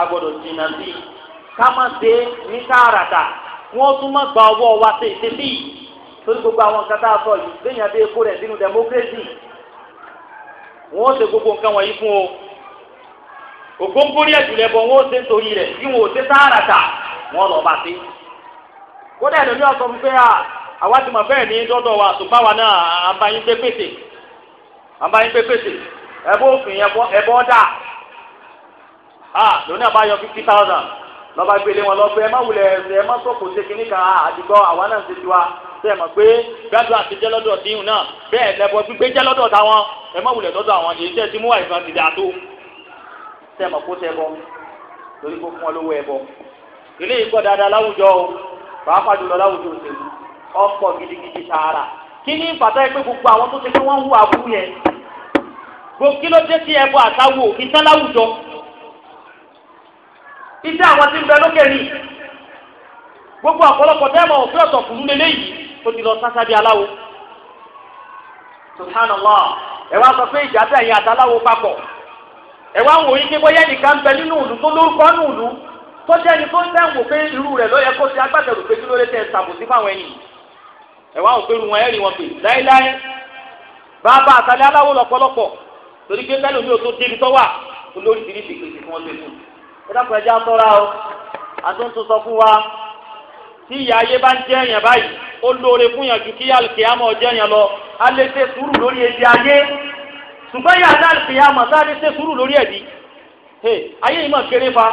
a gbọ́dọ̀ jìnnà sí i. kama má ní káàràtà wọ́n tún má gba ọwọ́ wa ṣe ìṣesí torí gbogbo àwọn nǹkan tá a sọ yìí lẹ́yìn abẹ́ epo rẹ̀ sínú democracy ṣe gbogbo nǹkan wọ̀nyí fún o gbogbo ẹ̀jùlẹ̀ bọ̀ wọ́n ṣe torí rẹ̀ bí wọn ò ṣe káàràtà wọ́n lọ bá ṣe. kódà ẹ̀dọ̀mí ọ̀sán fún pé àwa ti ní dọ́dọ̀ wa ṣùgbọ́n àwa náà àbáyín pé pèsè àbáyín pé pèsè lọ́ba gbélé wọn lọ́fẹ́ ẹ má wulẹ̀ ẹ má sọ̀kò ṣe kínní kan ah, àdìgbọ́ àwa náà ṣe tiwa bẹ́ẹ̀ mọ̀ pé gbádùn àti jẹ́ lọ́dọ̀ díhùn náà bẹ́ẹ̀ lẹ́bọ gbígbé jẹ́ lọ́dọ̀ táwọn ẹ má wulẹ̀ lọ́dọ̀ àwọn yìí tẹ́ ti mú àìsàn ti dà tó tẹ́ mọ̀ kó tẹ́ bọ́ torí kó fún ọ lówó ẹ bọ́ ilé yìí pọ̀ dáadáa láwùjọ o pàápàá jùlọ láwùjọ òṣèlú ọ̀pọ̀ gidigidi tààrà kí ní pàtàkì pé gbogbo àwọn tó ṣe pé wọ́n ń hu àbúrú yẹn gbogbo kí ló dé iṣẹ́ àwọn tí ń bẹ lókè ni gbogbo ọ̀pọ̀lọpọ̀ dẹ́mọ̀ òfin ọ̀tọ̀ fún lélẹ́ yìí ó ti lọ sásá di aláwo subhanallah ẹ wá sọ pé ìjà bẹ́ẹ̀ yẹn àtàláwo papọ̀ ẹ wá ń wòye pé bóyá nìkan bẹ nínú ìlú tó lórúkọ nínú ìlú tó jẹ́ ẹni tó ń tẹ́ ń wò pé irú rẹ̀ ló yẹ kó ti agbátẹrù pé kí ló lè tẹ̀ ṣàbòsí fáwọn ẹni ẹ wá ń pè wọn ẹ̀rí wọn pè láéláé bàbá àtàlẹ́ aláwo lọ́pọ̀lọpọ̀ torí pé bẹ́ẹ̀ lómi ò tó débi tó wà olórí ti ní ìpèsè fún ọ ẹ̀dàpọ̀ ẹja tọ́ra o àtúntò sọ fún wa tí ìyá ayé bá ń jẹ́ èèyàn báyìí ó lóore fún yàn ju kí alùkìyàmọ̀ ọjọ́ èèyàn lọ a lè ṣe sùúrù lórí ebi ayé ṣùgbọ́n yà á alùkìyàmọ̀ tá a lè ṣe sùúrù lórí ẹ̀bí ayé yìí mọ̀ kéré fa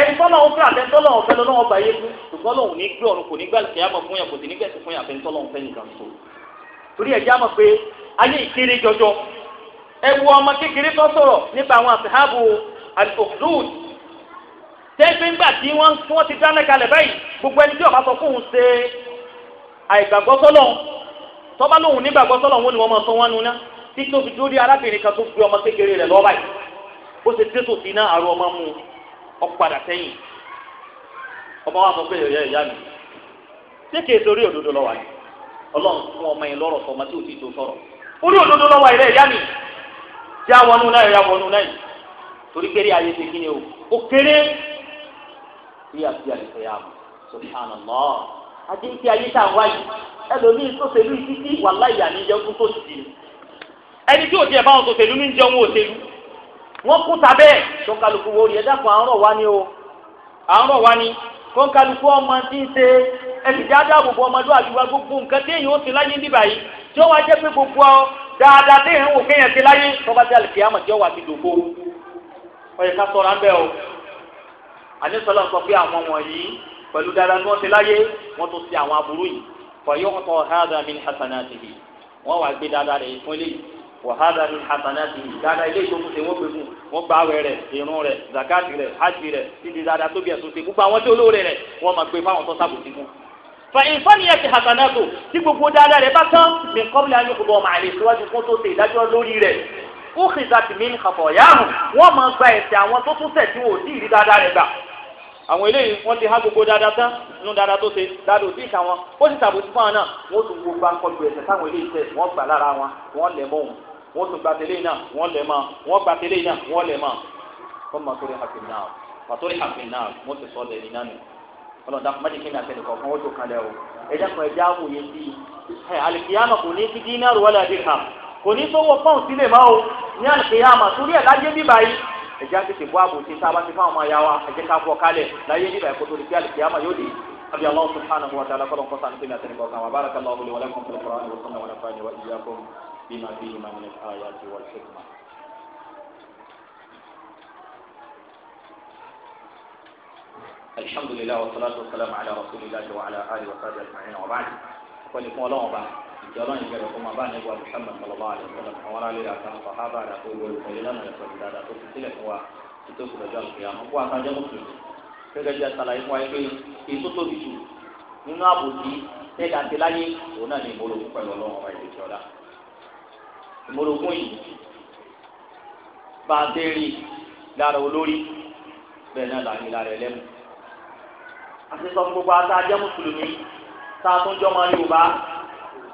ẹni tọ́lọ̀ ń fẹ́ àtẹ́tọ́lọ̀ ń fẹ́ lọ́wọ́ bá yé fún ṣùgbọ́n lòun ní gbé ọ̀run kò ní gbà kìyàmọ̀ fún yàn kò sì ní gbẹ̀sì fún yàn àfẹ́ntọ́lọ̀ ń fẹ́ nìkan so torí ẹ̀ já mọ̀ pé ayé ìkéré jọjọ ẹ wo ọmọ kékeré tó sọ̀rọ̀ nípa àwọn àṣàbù al-ukhdud tẹ́gbẹ́ ńgbà tí wọ́n tí wọ́n ti dáná kalẹ̀ báyìí gbogbo ẹni tí ọba sọ fún òun ṣe àìgbàgbọ́ sọ́lọ̀ tọ́ba lòun nígbàgbọ́ sọ́lọ̀ wọn ni wọ́n máa sọ wọn nuná tí tó fi dúró arábìnrin kan tó fi ọmọ kékeré rẹ̀ lọ́ọ́ báyìí ó ṣe tẹ́tò sí iná àrùn ọmọ mu ọ̀padà sẹ́yìn ọmọ wa sọ pé ìyá ìyá mi ṣé kìí sórí òdodo lọ wáyé ọlọ́run fún ọmọ yẹn lọ́rọ̀ sọmọ tí ò ti tó sọ̀rọ̀ orí òdodo lọ wáyé rẹ̀ ìyá mi já wọnú náà ìyá wọnú náà torí kéré ayé ti kí ni o ó kéré sí àti àlùfẹ́yàmù subhanallah àti ìdí ayé tá à ń wáyé ẹlòmíì tó ṣèlú títí wàhálà ìyá ní jẹun kú tó sì sí ẹni tí òtí ẹ̀ bá wọn tó ṣèlú ní jẹun òṣèlú wọn kú ta bẹ́ẹ̀ kọ́kálukú wo rí ẹ dákun àárọ̀ wá ní o àárọ̀ wá ní kọ́kálukú ọmọ tí ń ṣe ẹsì dáadáa gbogbo ọmọdé àdúrà gbogbo nǹkan tí èèyàn ó ti láyé níbà yìí tí ó wá jẹ́ pé gbogbo ọ dáadáa tí èèyàn wò kéèyàn ti láyé tọ́ba tí àlùfíà mọ̀ tí ó wà ti dògbò ó yẹ ká sọ̀rọ̀ à ń bẹ̀ o àníṣọlọ sọ pé àwọn wọ̀nyí pẹ̀lú dáadáa tí wọ́n ti láyé wọ́n tún ti àwọn aburú yìí fọyọ́kọ̀ hádà min hasanatihi wọ́n wá gbé dáadáa rẹ̀ fún eléyìí wọ́n hádà min hasanatihi dáadáa eléyìí tó tún ṣe wọ́n gbẹ̀gùn wọ́n gba àwẹ̀ rẹ̀ ìrun rẹ̀ zakati rẹ̀ hajj rẹ̀ títí dáadáa tóbi ẹ̀sùn ṣe gbogbo àwọn tí olóore rẹ̀ wọ́n máa gbé fáwọn tó sábò síkú. fàyìn fọ́nìyàn ti hasanatu tí gbogbo dáadáa rẹ̀ bá tán mi kọ́bílẹ̀ ayọ̀kùnbọ̀ màálè síwájú fún tó ṣe ìdájọ́ lórí rẹ̀ ó kì mi ń kàfọ̀ yáàmù wọ́n máa gba ẹ̀sẹ̀ àwọn tó tún ṣẹ̀ tí wò ó dì í rí dáadáa gbà àwọn eléyìí wọ́n ti há gbogbo dáadáa tán inú dáadáa tó ṣe dáadáa òsì ìka wọn ó sì tàbí fún àwọn náà wọ́n tún gbogbo akọlù ẹ̀sẹ̀ táwọn eléyìí tẹ̀ wọ́n gbà lára wọn wọ́n lẹ̀ mọ́ òun wọ́n tún gba tẹ́lẹ̀ náà wọ́n lẹ̀ mọ́ wọ́n gba tẹ́lẹ̀ náà wọ́n lẹ̀ mọ́ wọ́n máa torí hàpì náà pàtórí hàpì náà wọ́n ti sọ ọ́ lẹ́ni náà nù ọlọ́dà mọ́tì kí ni àtẹnukọ̀ kan ó tó kalẹ̀ o ẹ̀dá kan ẹ̀dá amòye sí i kò ní sí dínárù wọlé àdìrham ẹ̀jẹ̀ àtẹ̀tẹ̀ bọ́ àbòsí tá a bá ti fáwọn ọmọ ayá wa ẹ̀jẹ̀ ká fọ́ kálẹ̀ láyé nígbà ẹ̀kọ́ tó di kí alìkìyàmà yóò di أبي الله سبحانه وتعالى قد انقص عن سنة البركة وبارك الله لي ولكم في القرآن والسنة ونفعني وإياكم بما فيهما من الآيات والحكمة الحمد لله والصلاة والسلام على رسول الله وعلى آله وصحبه أجمعين وبعد ولكم الله وبعد ìjọba yìí bẹ̀rẹ̀ fún abáyé wa Muhammad sallallahu alayhi wa sallam àwọn ará lè àtàwọn sàhábà rẹ̀ tó wọlé pẹ̀lú lánàá ẹ̀sọ́ ìdáda tó fi sílẹ̀ fún wa títí oṣù lọ́jọ́ àlùkò yàrá fún àtàjẹ́ mùsùlùmí gẹ́gẹ́ bí àtàlàyé fún wa pé èyí tó tóbi jù nínú àbòsí tẹ́lẹ̀ àti láyé òun náà ní ìmọ̀lógún pẹ̀lú ọlọ́run ọba ìdè ìjọba ìmọ̀lógún yìí bá a dé rí lára olórí bẹ́ẹ̀ náà làní lára ẹlẹ́mù àti sọ fún gbogbo àtàjẹ́ mùsùlùmí tá a tún jọ́ máa Yorùbá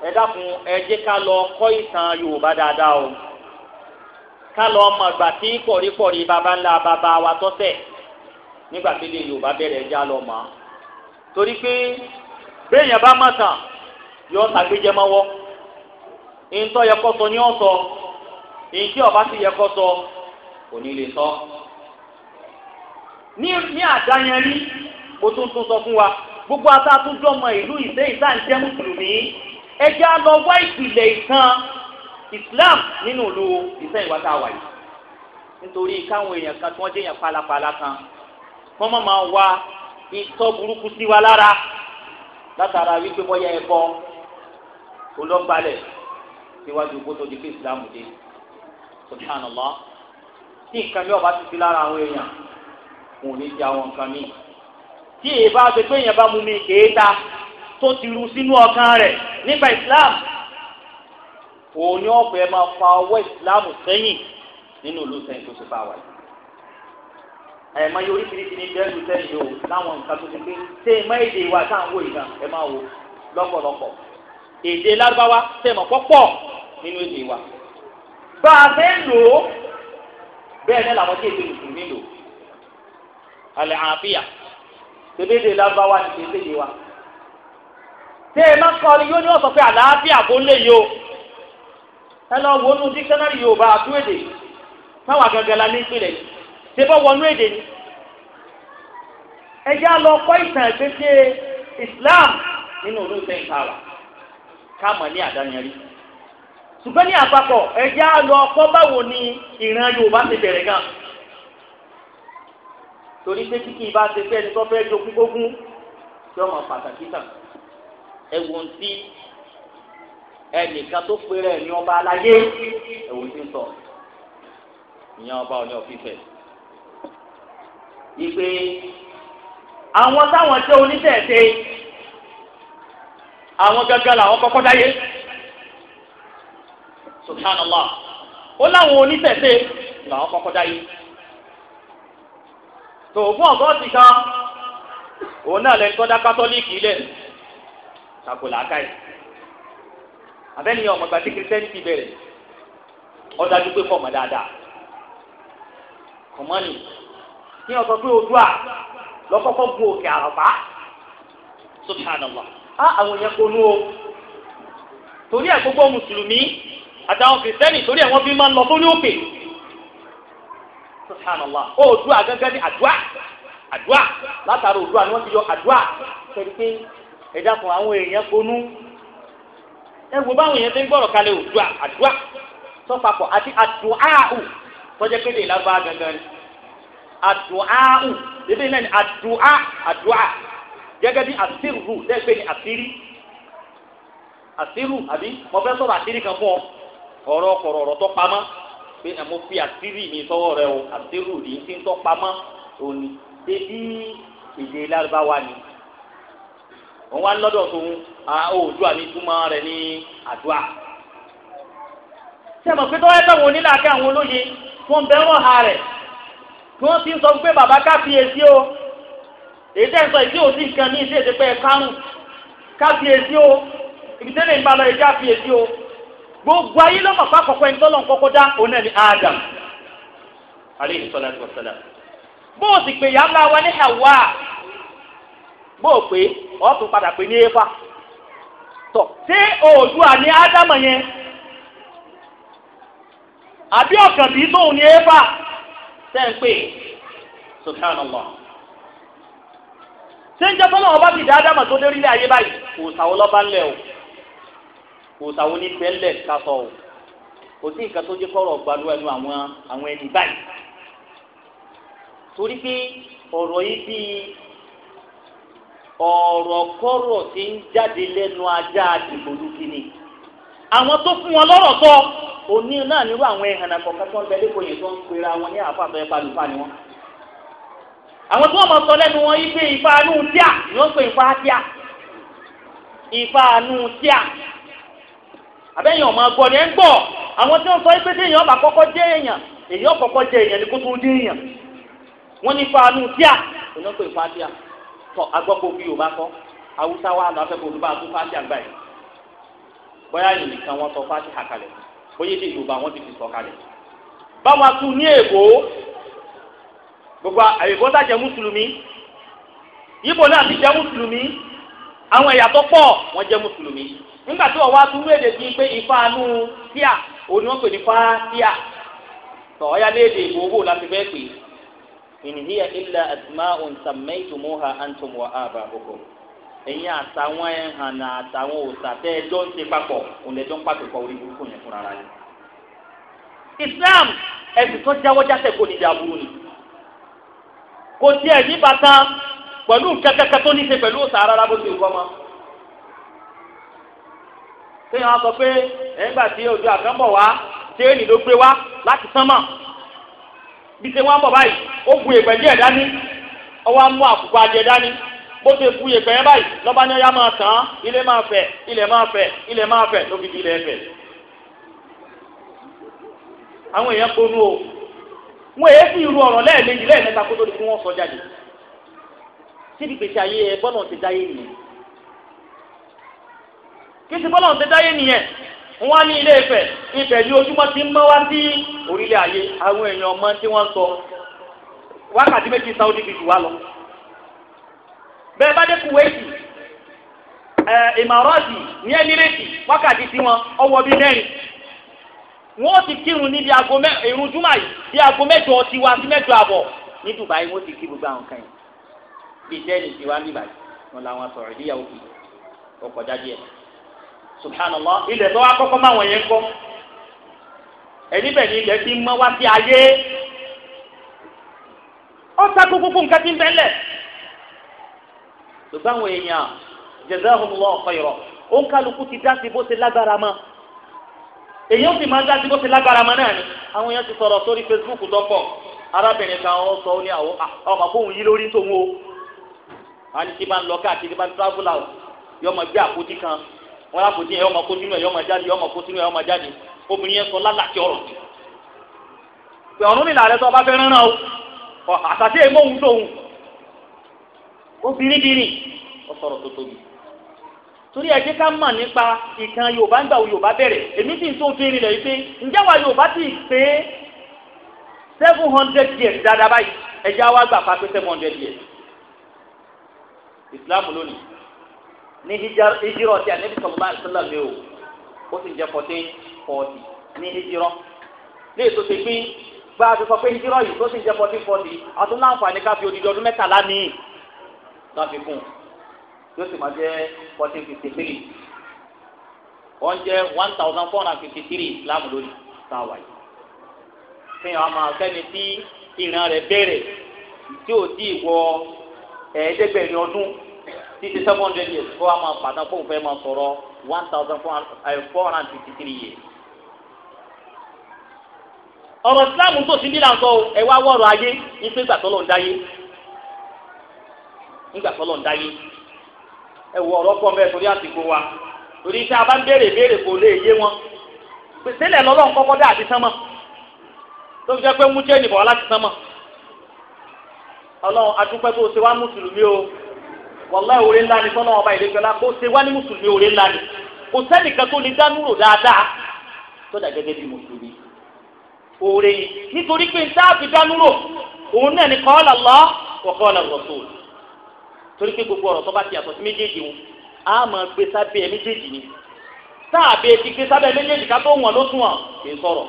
ẹ dákun ẹ jẹ́ ká lọ kọ́ ìtàn yorùbá dáadáa o ká lọ ọmọ ìgbà tí kọ̀ríkọ̀rí baba ńlá baba wa tọ́tẹ̀ nígbà tí ilé yorùbá bẹ̀rẹ̀ ẹja lọ mọ́ torí pé béèyàn bá má tàn yọ ṣàgbéjẹmọ́wọ́ ìǹtọ́ yẹ kọ́ sọ ní ọ̀sọ́ ìǹtí ọ̀bá sì yẹ kọ́ sọ kò ní lè sọ. ní ní àdáyẹnrí mo tún tún sọ fún wa gbogbo ata tún jọmọ ìlú ìsẹ́yìn tá ń jẹ́ mùsùlùmí ẹjẹ́ á lọ wá ìpìlẹ̀ ìtàn Islam nínú ìlú ìfẹ́ ìwà tá a wà yìí nítorí káwọn èèyàn kan tí wọ́n jẹ́ èèyàn pálapàla kan wọ́n má máa wá ìtọ́ burúkú sí wa lára látara wípé bọ́yá ẹ̀kọ́ olóńgbàlẹ̀ síwájú kó tó di pé Islam dé subhanallah tí nǹkan mi ọba ti fi lára àwọn èèyàn wọn ò ní ti àwọn nǹkan mi tí èèbá ti pé èèyàn bá mú mi kéé ta tó ti ru sínú ọkàn rẹ̀ nípa islam òun ni wọn máa fa ọwọ́ islam sẹ́yìn nínú ìlú sẹ́yìn tó ṣe bá wà yìí ẹ̀ẹ̀mọ yóò oríṣiríṣi ní bẹ́ẹ̀lú sẹ́yìn o láwọn nǹkan tó ti gbé ṣé ẹ̀mọ èdè wa tá à ń wò yìí gan ẹ máa wò lọ́pọ̀lọpọ̀ èdè lárúbáwá ṣe mọ̀ pọ́pọ̀ nínú èdè wa bá a fẹ́ lò ó bẹ́ẹ̀ náà làwọn tí èdè mùsùlùmí lò àlẹ́ àáfíà ṣe èdè lárúbáwá ni ṣe é tẹ ẹ máa kọ́ ni yóò ní ọ̀sán pé àlàáfíà kò lè yó ẹ lọ wo nu dictionary yorùbá àtú èdè táwọn àgàgà la ní ìpìlẹ̀ ṣe bọ́ wọnú èdè ni ẹ já lọ kọ́ ìtàn ìgbésẹ̀ Islam nínú olóògbé ìkàwà káàmọ̀ ní àdáyanrí ṣùgbọ́n ní àpapọ̀ ẹ já lọ kọ́ báwo ni ìran yorùbá ti bẹ̀rẹ̀ gan torí pé kíkì bá ti fẹ́ ẹni tó fẹ́ jogún gbógún tí ọmọ pàtàkì tàn ẹ̀wọ̀n tí ẹnìkan tó péré ní ọba aláyé ẹ̀wọ̀n tí ń sọ ìyẹn ọba òní ọ̀fífẹ́ ìpè àwọn táwọn jẹ́ onítẹ̀ẹ̀tẹ̀ àwọn gángan làwọn kọ́kọ́ dáyé subhanallah ó láwọn onítẹ̀ẹ̀tẹ̀ làwọn kọ́kọ́ dáyé tòògùn ọ̀gọ́ ti kan òun náà lẹ́nu tó dá kátólíìkì lẹ́nu tako làákàyè abẹ́ni ọmọ ìgbà tí kìrìsìtẹ́nì ti bẹ̀rẹ̀ ọ̀dájú pé fọmọ dáadáa kọ̀mọ́nì ní ọ̀sọ̀ pé odua lọ́kọ́kọ́ gun òkè àràbá subhanallah á àwọn èèyàn konú o torí ẹ̀ gbogbo mùsùlùmí àtàwọn kìrìsìtẹ́nì torí ẹ̀ wọ́n fi máa ń lọ sórí òkè subhanallah ó odua gẹ́gẹ́ ní àdúà àdúà látara odua ni wọ́n ti yọ àdúà pẹ̀lú pé ẹ dákun àwọn èèyàn ponú ẹ wo báwọn èèyàn ti ń gbọ́rọ̀ kalẹ̀ òdua àdúà sọ́pàpọ̀ àti àdùáhù tọ́jẹ́ pé lè lágbára gangan ni àdùáhù bébí náà ni àdùá àdùá gẹ́gẹ́ bí àsírù lẹ́yìn pé ni àsírí àsírù àbí mo fẹ́ sọ̀rọ̀ àsírí kan fún ọ ọ̀rọ̀ kọ̀rọ̀ ọ̀rọ̀ tó pamọ́ pé ẹ̀ mo fi àsírí mi sọ́wọ́ rẹ o àsírù yìí ti ń tọ́ pamọ́ òní débí èdè lárúbáwá ni òun wá lọ́dọ̀ tó ń òòdùà ní túmọ̀ rẹ̀ ní àdúà. ṣé mo pé tọ́wọ́ ẹgbẹ́ wọn nílà kí àwọn olóye wọn bẹ wọn ha rẹ̀ tí wọ́n ti ń sọ pé bàbá káfíyèsí o èyí tẹ́ ń sọ ìdí òsì nǹkan ní ìdí pé ẹ kárùn káfíyèsí o ibi tẹ́lẹ̀ ń bá lọ ẹjẹ́ àfiyèsí o gbogbo ayé lọ́mọ̀ fún akọ̀kọ́ ẹni tọ́lọ̀ kọ́kọ́ dá òun náà ni Adam aleyhi salatu wa salam bó o sì pè yàrá wa ní Hawa bó o pè é. ọ̀ tún padà pé ní éfà tọ̀ ṣé oòdùà ní ádámọ̀ yẹn àbí ọ̀kàn bíi tóun ní Efa tẹ́ ń pè subhanallah ṣé ń jẹ́ tọ́lọ́ ọba bìdá ádámọ̀ tó dé orílẹ̀ ayé báyìí kò sàwọn lọ́ba ńlẹ̀ o kò sàwọn onífẹ̀ẹ́lẹ̀ kásọ̀ o kò sí nǹkan tó jẹ́ kọ́rọ̀ gbadúrà nínú àwọn àwọn ẹni báyìí torí pé ọ̀rọ̀ yìí bíi. ọ̀rọ̀ kọ́rọ̀ tí ń jáde lẹ́nu ajá àdìgbòlùkì ni àwọn tó fún wọn lọ́rọ̀ tọ́ òní náà nírú àwọn ẹ̀hàn àkọ́kọ́ tó ń bẹ lẹ́kọ̀ọ́ yẹn tó ń pera wọn ní àfa àtọ́yẹ palùpà wọn. àwọn sọ lẹnu wọn yìí pé ìfà àánú tíà ni pè ìfà tíà ìfà àánú tíà àbẹ́yìn agbọ́ ni ń gbọ́ àwọn sọ pé kọ́kọ́ jẹ́ èèyàn èèyàn kọ́kọ́ jẹ́ èèyàn ní kó tó dé èèyàn ní ìfà àánú tọ agbọ́kọ̀ bí yorùbá kọ́ awúsá wa lọ afẹ́kọ̀ olùbá tó fáti àgbà yìí bóyá yìí nìkan wọn sọ fáti àkàlẹ̀ bóyá èdè yorùbá wọn ti fi sọ kalẹ̀ báwa tún ní èkó gbogbo èkó tá jẹ mùsùlùmí yíbo náà ti jẹ mùsùlùmí àwọn ẹ̀yà tó pọ̀ wọ́n jẹ́ mùsùlùmí nígbà tí wọ́n wá tún léde bíi pé ifá anú tíà òní wọ́n pè ní fá tíà tọ̀ ọ́ yá léde ìbò owó láti fẹ́ in hiya illa asma'un sammaytumuha antum wa aba'ukum ẹ̀yin àtàwọn ẹ̀hànà àtàwọn òòṣà tẹ́ ẹ jọ ń ṣe papọ̀ òǹdẹ̀jọ́ ń pàtó pa orí burúkú yẹn fúnra rẹ̀. Islam ẹ̀sìn tó jáwọ́ jáde kò ní ìjà burú ni kò tiẹ̀ ní bàtà pẹ̀lú nǹkan kankan tó ní ṣe pẹ̀lú òòṣà rárá bó ti wọ́n mọ́. kéèyàn á sọ pé ẹ̀yìn gbà tí ojú àkànbọ̀ wá tí èèyàn ló gbé wá láti sánmọ̀ bí ṣe wọ́n bọ̀ báyìí ó bu èpè díẹ̀ dání ọwọ́ á mú àkùkọ adìẹ dání bó ṣe bu èpè yẹn báyìí lọ́ba ní ọyá máa tàn án ilé máa fẹ̀ ilẹ̀ máa fẹ̀ ilẹ̀ máa fẹ̀ ló fi di ilẹ̀ fẹ̀. àwọn èèyàn gbónú o wọn èyí sì ru ọ̀rọ̀ lẹ́ẹ̀mejì lẹ́ẹ̀mẹ́ta kó tó di fún wọn sọ jáde síbi gbèsè ayé ẹ bọ́lọ̀ ti dáyé nìyẹn kí ti bọ́lọ̀ ti dáyé nìyẹn wọ́n ní ilé Ifẹ̀ Ifẹ̀ ní ojúmọ́ ti ń mọ́ wá sí orílẹ̀ ayé àwọn èèyàn ọmọ tí wọ́n sọ wákàtí méjì Saudi fi jù wá lọ. bẹ́ẹ̀ bá dé Kuwaiti Imarati ní Emirati wákàtí tí wọ́n ọwọ́ bíi mẹ́rin wọ́n ti kírun ní bí aago mẹ́ irun júmọ̀ yìí bí aago mẹ́jọ ti wá sí mẹ́jọ àbọ̀ ní Dubai wọ́n ti kí gbogbo àwọn kan yìí bíi tẹ́ẹ̀nì tiwa níbàyí wọn làwọn sọ̀rọ̀ ìdíyàwó kì í ọkọ̀ jáde ẹ̀ subhanallah ilẹ̀ tó wá kọ́kọ́ máa wọ̀nyẹn kọ́ ẹni bẹ̀ ni ilẹ̀ ti mọ́ wá sí ayé ọ̀sá kúkú fún nǹkan ti ń bẹ́lẹ̀ ṣùgbọ́n àwọn èèyàn jazahumullah khayra ó ń kálukú ti dá sí bó ṣe lágbára mọ́ èèyàn sì máa ń dá sí bó ṣe lágbára mọ́ náà ni àwọn èèyàn ti sọ̀rọ̀ sórí Facebook tó pọ̀ arábìnrin kan ó sọ ó ní àwọn ah, ọmọ fóun yí lórí tòun o àti tí máa ń lọ káàkiri máa ń travel out yọmọ gbé àpótí kan wọn á kojú ẹ yọmọ kojú ẹ yọmọ jáde yọmọ kojú ẹ yọmọ jáde obìnrin yẹn sọ lálàkì ọ̀rọ̀ pé ọ̀run nílà rẹ sọ ọba fẹ́ rán náà o àtàtì èèmọ̀ òun tóun obìnrin bìnrin ó sọ̀rọ̀ tó tóbi torí ẹ jẹ́ ká mọ̀ nípa ìkan yorùbá ń gbà yorùbá bẹ̀rẹ̀ èmi sì ń tó fi rinlẹ̀ yìí pé ǹjẹ́ wa yorùbá ti pé seven hundred years dáadáa báyìí ẹ̀jẹ̀ wa gbà pa pé seven hundred years islam lónìí ní hijirọ tí anabi sọlọ báyìí sọlọ mi o ó sì jẹ fourteen forty ní hijirọ ní èso ti gbé gba àti sọ pé hijirọ yìí tó sì jẹ fourteen forty àtún láǹfààní ká fi odidi ọdún mẹ́tàlá míì náà fi kún yóò sì máa jẹ fourteen fifty three wọ́n jẹ one thousand four hundred fifty three islam lórí sáwà yìí fihàn àmà sẹ́ni tí ìran rẹ̀ bẹ̀rẹ̀ tí ò tí wọ ẹ̀ẹ́dẹ́gbẹ̀rin ọdún. títí seven hundred years kó a máa pàtàkì fóun fẹ́ máa one thousand four hundred uh, and fifty three years. ọ̀rọ̀ síláàmù tó ti nílà ń sọ aye wá ayé ife gbàtọ́lọ̀ ń dáyé ńgbàtọ́lọ̀ ń dáyé ẹ wọ ọ̀rọ̀ torí tó fi pé mú láti o. wàláhì orí ńlá ni sọ́nà ọba ìlẹ́gbẹ̀ẹ́ la ni kò sẹ́nìkan tó lè dánú rò dáadáa tọ́jà gẹ́gẹ́ bí mùsùlùmí ni nítorí pé ń sáà fi dánú rò òun náà ni qala Allah wa qala Rasul torí gbogbo ọ̀rọ̀ ti yàtọ̀ sí méjèèjì wọn máa gbé sábẹ́ méjèèjì ni sáàbẹ̀ ti gbé sábẹ́ méjèèjì ká tó wọn ló tún wọn kì í sọ̀rọ̀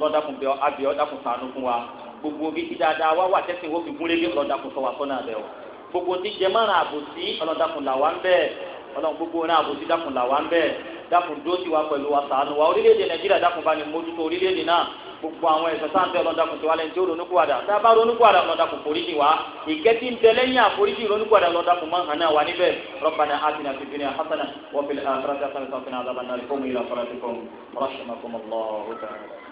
lọ́dàkùn bẹ́ẹ̀ abẹ́ ọ̀dàkùn sànú fún wa gbogbo bí ti dáadáa wá wà tẹ́sí wo fi gún lé lọ́dàkùn sọ wà sọ́nà rẹ o gbogbo ti jẹ mọ́ra àbòsí ọlọ́dàkùn là wá ń bẹ́ẹ̀ ọlọ́run gbogbo náà àbòsí dàkùn là wá ń bẹ́ẹ̀ dàkùn dúró sí wa pẹ̀lú wa sànú wa orílẹ̀-èdè nàìjíríà dàkùn bá ní mójútó orílẹ̀-èdè náà gbogbo àwọn ẹ̀sán sáńtẹ́ ọlọ́dàkùn tó wà lẹ́yìn tí ó ronúkú àdá tá a bá ronúkú àdá ọlọ́dàkùn foríjì wá ìkẹ́tì ń bẹ lẹ́yìn àforíjì ronúkú ọlọ́dàkùn máa ń hàn náà wá níbẹ̀ rọ́bànà àtìnà fìdí ní hasana wọ́n fi àkàrà sí àtàlẹ́sàn fún àdàbànà ìfọ̀mù ìlà fọ́lá